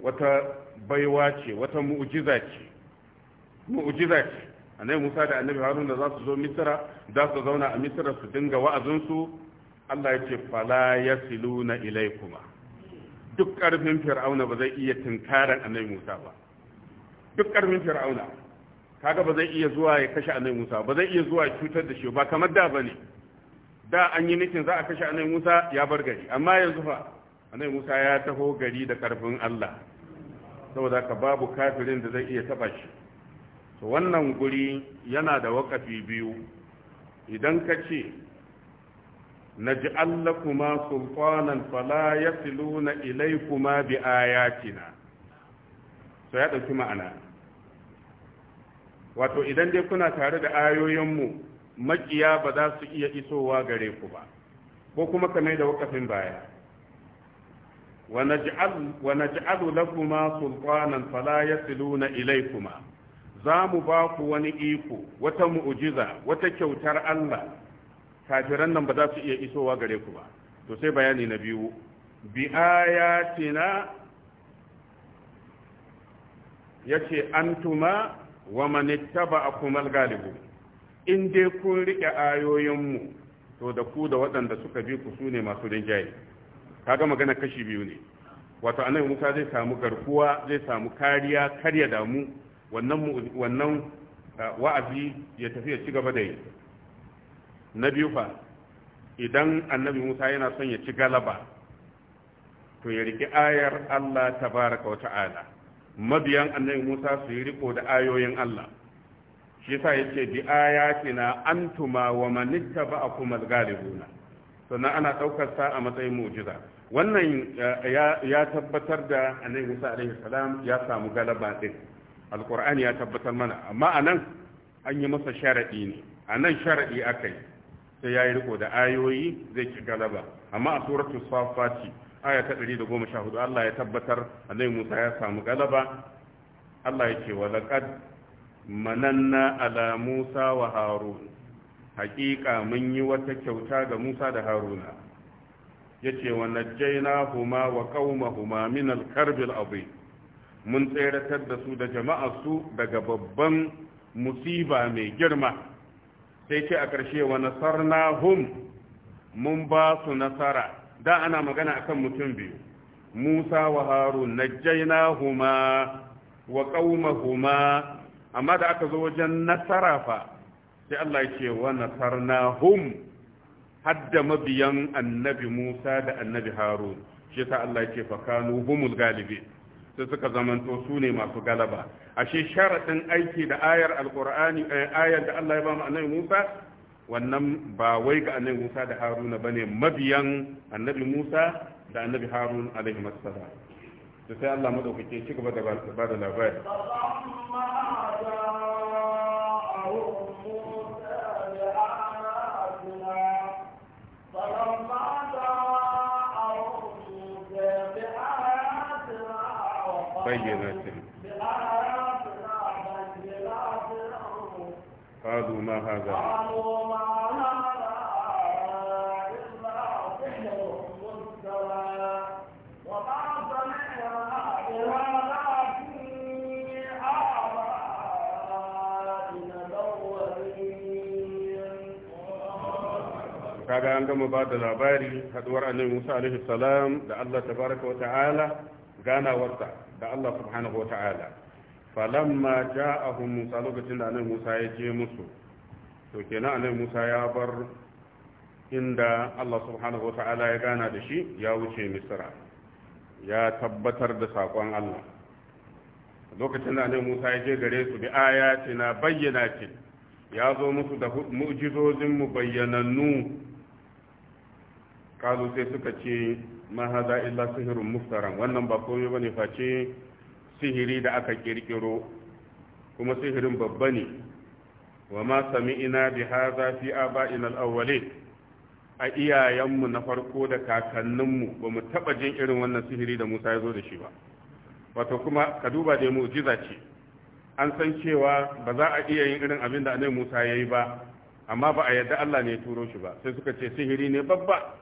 wata baiwa ce wata mu'jiza ce mu'jiza ce annabi Musa da annabi Haruna za su zo Misra za su zauna a Misra su dinga wa'azinsu Allah ya ce fala yasiluna ilaykuma duk karfin fir'auna ba zai iya tunkaran annabi Musa ba duk karfin fir'auna kaga ba zai iya zuwa ya kashe annabi Musa ba zai iya zuwa ya cutar da shi ba kamar da bane da an yi nufin za a kashe annabi Musa ya bar gari amma yanzu fa annabi Musa ya taho gari da karfin Allah saboda ka babu kafirin da zai iya taba shi to wannan guri yana da wakafi biyu idan ka ce naj'al lakuma sultanan fala yasiluna ilaykuma bi ayatina to ya dauki ma'ana wato idan dai kuna tare da ayoyinmu makiya ba za su iya isowa gare ku ba ko kuma kame da wakafin baya wa naj'alu lakuma sultanan fala yasiluna ilaykuma za mu ba ku wani iko wata mu'ujiza wata kyautar Allah kafiran nan ba za su iya isowa gare ku ba to sai bayani na biyu bi ayatina yace antuma wa man ittaba'akum al-galibu in dai kun rike ayoyinmu to da ku da waɗanda suka bi ku sune masu rinjaye kaga magana kashi biyu ne wato annabi Musa zai samu garkuwa zai samu kariya karya damu wannan wannan ah, wa'azi ya tafi ya ci gaba da yi na biyu fa idan annabi musa yana son ya ci galaba to ya riki ayar allah Ta tabaraka wa ta'ala mabiyan annabi musa su yi riko da ayoyin allah shi yasa yace bi ayatina antuma wa man ittaba'akum al-ghalibuna sannan ana daukar sa a matsayin mu'jiza wannan eh, ya tabbatar da annabi Musa alaihi salam ya samu galaba din alqur'ani ya tabbatar mana amma anan an yi masa sharadi ne anan sharadi akai sai yayi riko da ayoyi zai ci galaba amma a suratu safati aya ta 114 Allah ya tabbatar annabi Musa ya samu galaba Allah ya ce wa laqad mananna ala Musa wa Harun haƙiƙa mun yi wata kyauta ga Musa da Haruna yace wa huma wa qaumahuma min al-karbil adhim mun tseratar da su da jama'a su daga babban musiba mai girma sai ce a ƙarshe wa nasarna hum mun ba su nasara da ana magana akan mutum biyu musa wa harun najjaina huma wa huma amma da aka zo wajen nasara fa sai Allah ce wa nasarna hum hadda mabiyan annabi musa da annabi harun shi ta Allah ce fa kanu humul galibi. sai suka zamanto su ne masu galaba ashe sharaɗin aiki da ayar alkur'ani eh, ayar da Allah ya ba mu annabi Musa wannan ba wai ga annabi Musa da Haruna bane mabiyan annabi Musa da annabi Harun alaihi assalam to sai Allah madaukake ci gaba da ba da labari بينات قالوا ما هذا kaga an gama ba da labari haduwar annabi Musa alaihi salam da Allah tabaraka wa ta'ala ganawarsa da Allah subhanahu wa ta'ala falamma ja'ahum Musa lokacin da annabi Musa ya je musu to kenan annabi Musa ya bar inda Allah subhanahu wa ta'ala ya gana da shi ya wuce Misra ya tabbatar da sakon Allah lokacin da annabi Musa ya je gare su bi bayyana ce ya zo musu da mu'jizozin mu bayyanannu Kalu sai suka ce ma haza illa sihirun muftaran wannan ba komai bane face sihiri da aka kirkiro kuma sihirin babba ne wa ma sami'ina bi haza fi aba'ina al awwali a iyayenmu na farko da kakanninmu ba mu taɓa jin irin wannan sihiri da Musa ya zo da shi ba wato kuma ka duba da mu'jiza ce an san cewa ba za a iya yin irin abin da annabi Musa ya yi ba amma ba a yadda Allah ne ya turo shi ba sai suka ce sihiri ne babba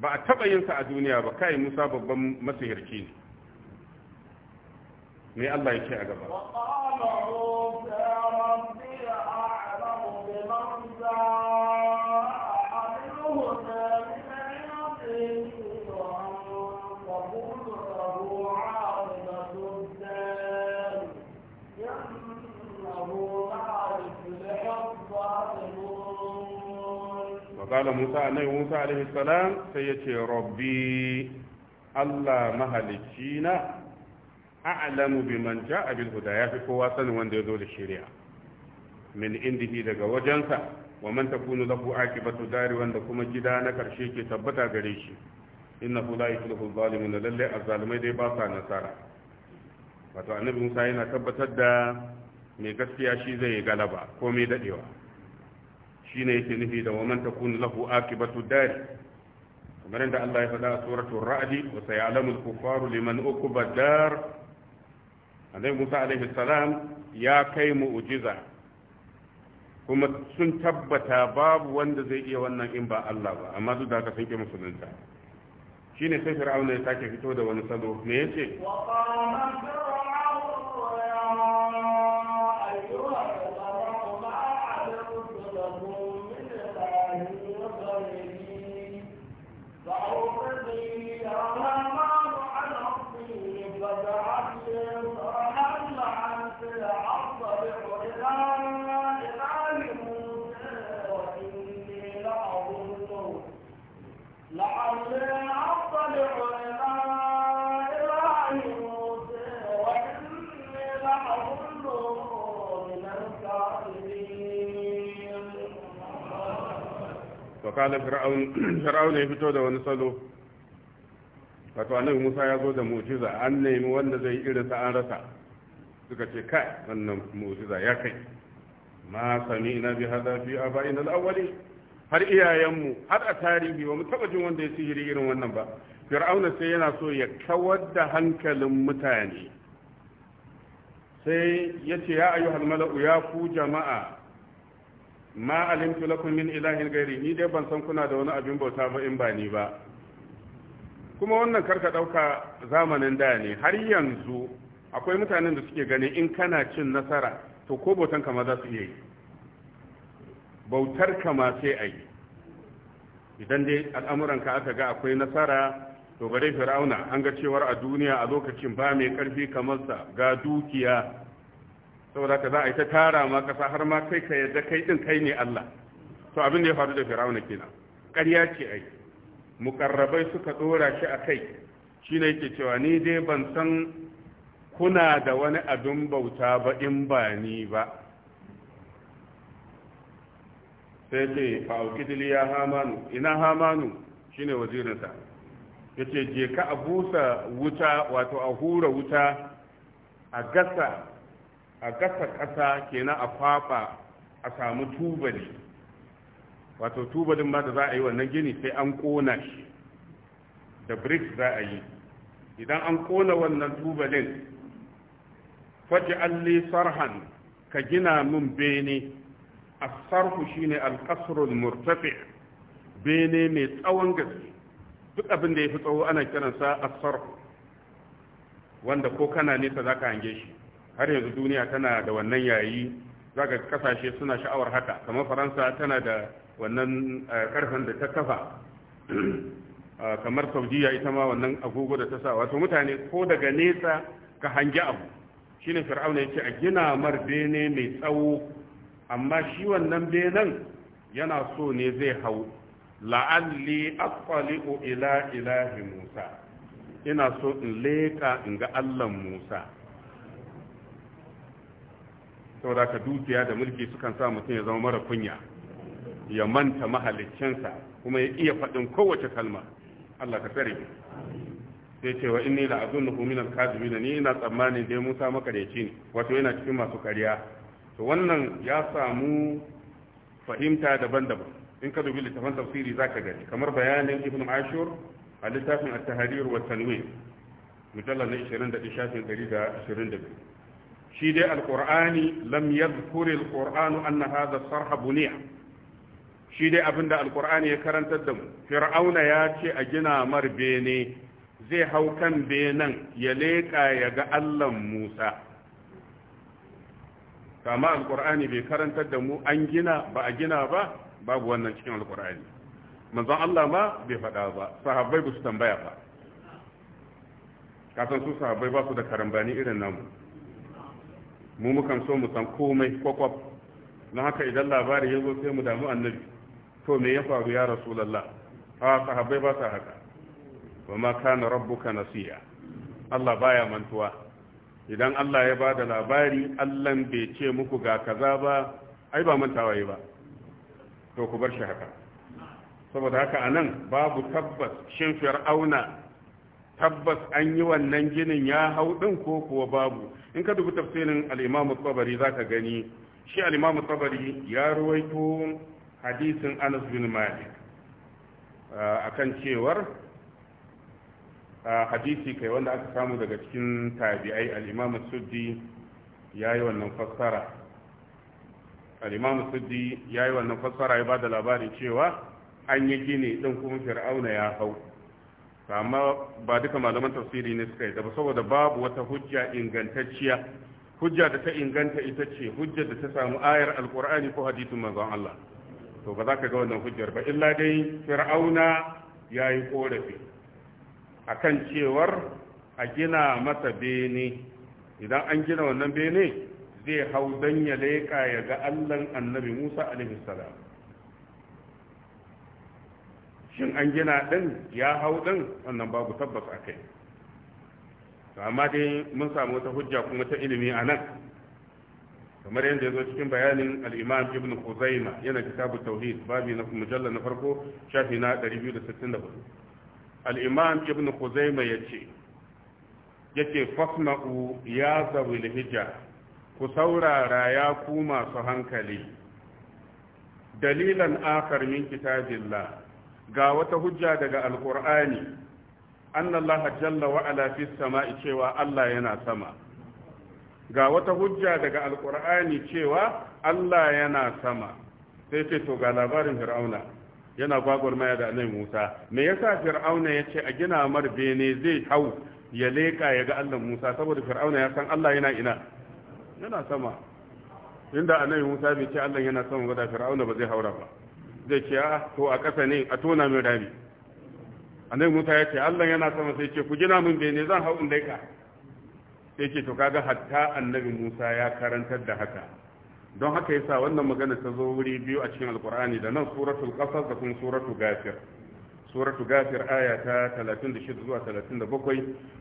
ba a taɓa yinsa a duniya ba kai musa babban masihirci ne me Allah yake a gaba wa qala rabbi a'lamu bi man faƙala musa annabi musa alaihi sai ya ce rabbi allah mahalicci na a'lamu biman ja'a bil huda ya fi kowa sanin wanda ya zo da shari'a min indihi daga wajensa wa man takunu lahu aqibatu dari wanda kuma gida na karshe ke tabbata gare shi inna la yuflihu zalimun lalle azzalimai dai ba sa nasara wato annabi musa yana tabbatar da mai gaskiya shi zai yi galaba ko mai dadewa shine yake nufi da waman takun lahu akibatu dar kamar yadda Allah ya faɗa a suratul ra'd wa sayalamu al-kuffaru liman ukuba dar annabi Musa alaihi salam ya kai mu'jiza kuma sun tabbata babu wanda zai iya wannan in ba Allah ba amma duk da ka sanke musulunta shine sai Fir'auna ya sake fito da wani salo me yace wa kala fir'aun ya fito da wani salo wato annabi musa ya zo da mu'jiza an nemi wanda zai irin sa an rasa suka ce kai wannan mu'jiza ya kai ma sami na bi hada fi aba'ina al awwali har iyayenmu har a tarihi ba mu taba jin wanda ya sihiri irin wannan ba fir'auna sai yana so ya kawar da hankalin mutane sai ya ce ya ayu mala'u ya ku jama'a ma alimtu lakum min ilahin gairi ni dai ban san kuna da wani abin bauta ba in ba ni ba kuma wannan karka dauka zamanin da ne har yanzu akwai mutanen da suke ganin in kana cin nasara to ko bautan kama za su iya yi bautar kama sai a yi idan dai al'amuranka aka ga akwai nasara to bare fir'auna an ga cewar a duniya a lokacin ba mai karfi kamar sa ga dukiya saboda ka za a yi ta tara ma kasa har ma kai ka yadda kai din kai ne Allah to abin da ya faru da fir'auna kenan ƙarya ce ai mukarrabai suka dora shi a kai shine yake cewa ni dai ban san kuna da wani abin bauta ba in ba ni ba sai ce fa fa'aukidili ya hamanu ina hamanu shine wazirinsa ya ce je ka a busa wuta wato a hura wuta a gasa a gasa ƙasa kenan a kwaɓa a samu tubali wato tubalin ba da za a yi wannan gini sai an ƙona shi da bricks za a yi idan an ƙona wannan tubalin faji alli sarhan ka gina min bene a sarhu shine alƙasarul murtafi bene mai tsawon gaske duk abin da ya fi tsawo ana kiransa a sarhu wanda ko kana nesa za ka hange shi har yanzu duniya tana da wannan yayi zaka kasashe suna sha'awar haka kamar faransa tana da wannan karfin eh, da ta kafa ah, kamar saudiya ita ma wannan agogo da ta sa wato mutane ko daga nesa ka hangi abu shine fir'auna yake a gina mar bene mai tsawo amma shi wannan benen yana so ne zai hau la'alli aqali'u ila ilahi musa ina so in leka in ga allan musa saboda ka dukiya da mulki sukan sa mutum ya zama mara kunya ya manta mahaliccinsa kuma ya iya faɗin kowace kalma Allah ka tsare sai ce wa inni la'azunnuhu min al-kadhibin ni ina tsammanin dai Musa makareci ne wato yana cikin masu ƙarya to wannan ya samu fahimta daban-daban in ka dubi littafin tafsiri zaka gani kamar bayanin Ibn Ashur a littafin At-Tahrir wa Tanwir mujallal 20 da shafin 122 shi dai alqur'ani lam yadhkur alqur'anu anna hadha sarha buniya shi dai abinda alqur'ani ya karantar da mu fir'auna ya ce a gina mar bene zai hau kan benen ya leka ya ga allan Musa kama alkur'ani bai karantar da mu an gina ba a gina ba babu wannan cikin alkur'ani manzon Allah ma bai faɗa ba sahabbai ba su tambaya ba kasan su sahabbai ba su da karambani irin namu mu mukan so mu san komai kwakwaf na haka idan labari ya zo sai mu damu annabi to me ya faru ya rasulallah a ah, sahabbai ba sa haka wa ma kana rabbuka nasiya Allah baya mantuwa idan Allah ya bada labari Allah bai ce muku ga kaza ba ai ba mantawa yi ba to ku bar shi haka saboda haka anan babu tabbas shin fir'auna tabbas an yi wannan ginin ya hau din ko kuwa babu in ka dubi tafsirin al-Imam Tabari zaka gani shi al-Imam Tabari ya ruwaito hadisin Anas bin Malik akan cewar hadisi kai wanda aka samu daga cikin tabi'ai al-Imam Suddi yayi wannan fassara al-Imam Suddi yayi wannan fassara ya bada labarin cewa an yi gini din kuma Fir'auna ya hau amma ba duka malaman tafsiri ne suka yi da saboda babu wata hujja ingantacciya hujja da ta inganta ita ce hujja da ta samu ayar alkur'ani ko hadisin manzon Allah to ba za ka ga wannan hujjar ba illa dai fir'auna ya yi korafi akan cewar a gina masa bene idan an gina wannan bene zai hau dan ya leka ya ga allah annabi musa alaihi salam shin an gina ɗin ya hau ɗin wannan babu tabbas a kai amma dai mun samu wata hujja kuma ta ilimi a nan kamar yadda ya zo cikin bayanin al'imam ibn huzaima yana kitabu tauhid babi na mujallar na farko shafi na 264 al'imam ibn huzaima ya ce yake fasma'u ya zawil hijja ku saurara ya ku masu hankali dalilan akar min kitabillah ga wata hujja daga alkur'ani Allah jalla wa ala sama'i cewa Allah yana sama ga wata hujja daga alkur'ani cewa Allah yana sama sai ce to ga labarin fir'auna yana gwagwarmaya da annabi Musa me yasa fir'auna ya ce a gina mar bene zai hau ya leka ya ga Allah Musa saboda fir'auna ya san Allah yana ina yana sama inda annabi Musa bai ce Allah yana sama ba da fir'auna ba zai haura ba da ke a ah, to a ƙasa ne a tona min rami annabi Musa ya ce Allah yana sama sai ce ku gina min bene zan hau in ka sai ce to kaga hatta annabi Musa ya karantar da haka don haka yasa wannan magana ta zo wuri biyu a cikin alkur'ani da nan suratul qasas da kuma suratul ghafir suratul ghafir aya ta 36 zuwa 37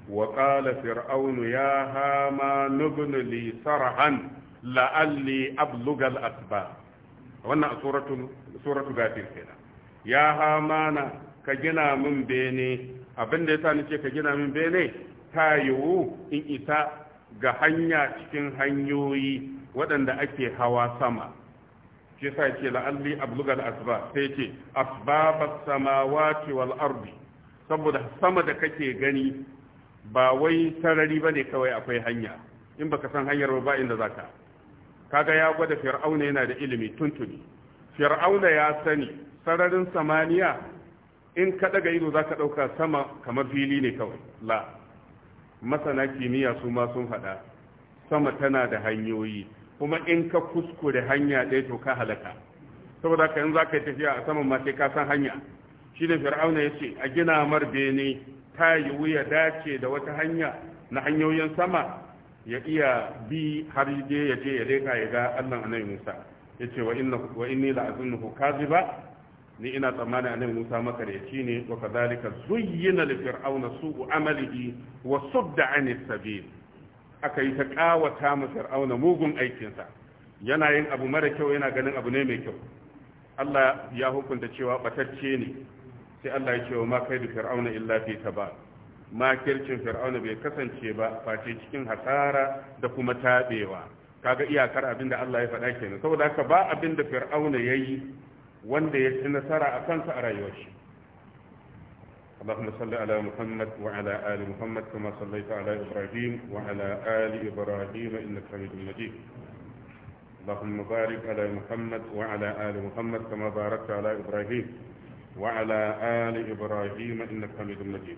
wa qala fir'aunu ya hama nubni li sarhan la'alli ablugal asbab wannan a suratu gafir kenan ya hamana ka gina min bene abin da yasa nace ka gina min bene ta yiwu in isa ga hanya cikin hanyoyi waɗanda ake hawa sama shi sa ce la'alli ablugal asba sai ce asbabas samawati wal ardi saboda sama da kake gani ba wai sarari bane kawai akwai hanya in baka san hanyar ba inda zaka kaga ya gwada fir'auna yana da ilimi tuntuni fir'auna ya sani sararin samaniya in ka daga ido zaka ɗauka sama kamar fili ne kawai la masana kimiyya su ma sun haɗa. sama tana da hanyoyi kuma in ka kuskure hanya ɗaya to ka halaka saboda ka in zaka yi tafiya a saman ma ka san hanya Shi ne fir'auna ya ce a gina mar bene ta yi wuya dace da wata hanya na hanyoyin sama ya iya bi har je ya je ya leka ya ga annan annabi Musa yace wa inna wa inni la azunnuhu kadhiba ni ina tsammanin annabi Musa makaryaci ne wa kadhalika zuyyina li fir'auna su'u amalihi wa sudda 'ani sabil aka yi ta kawata ma fir'auna mugun aikinsa yana yin abu mara kyau yana ganin abu ne mai kyau Allah ya hukunta cewa batacce ne sai Allah ya ce wa ma kai da fir'auna illa fi tabal makircin fir'auna bai kasance ba face cikin hasara da kuma tabewa kaga iyakar abin da Allah ya faɗa kenan saboda haka ba abin da fir'auna yayi wanda ya ci nasara a kansa a rayuwar shi اللهم صل على محمد وعلى آل محمد كما صليت على إبراهيم وعلى آل إبراهيم إنك حميد مجيد اللهم بارك على محمد وعلى آل محمد كما باركت على إبراهيم وعلى آل إبراهيم إنك حميد مجيد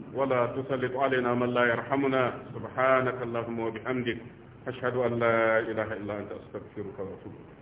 ولا تسلط علينا من لا يرحمنا سبحانك اللهم وبحمدك أشهد أن لا إله إلا أنت أستغفرك وأتوب إليك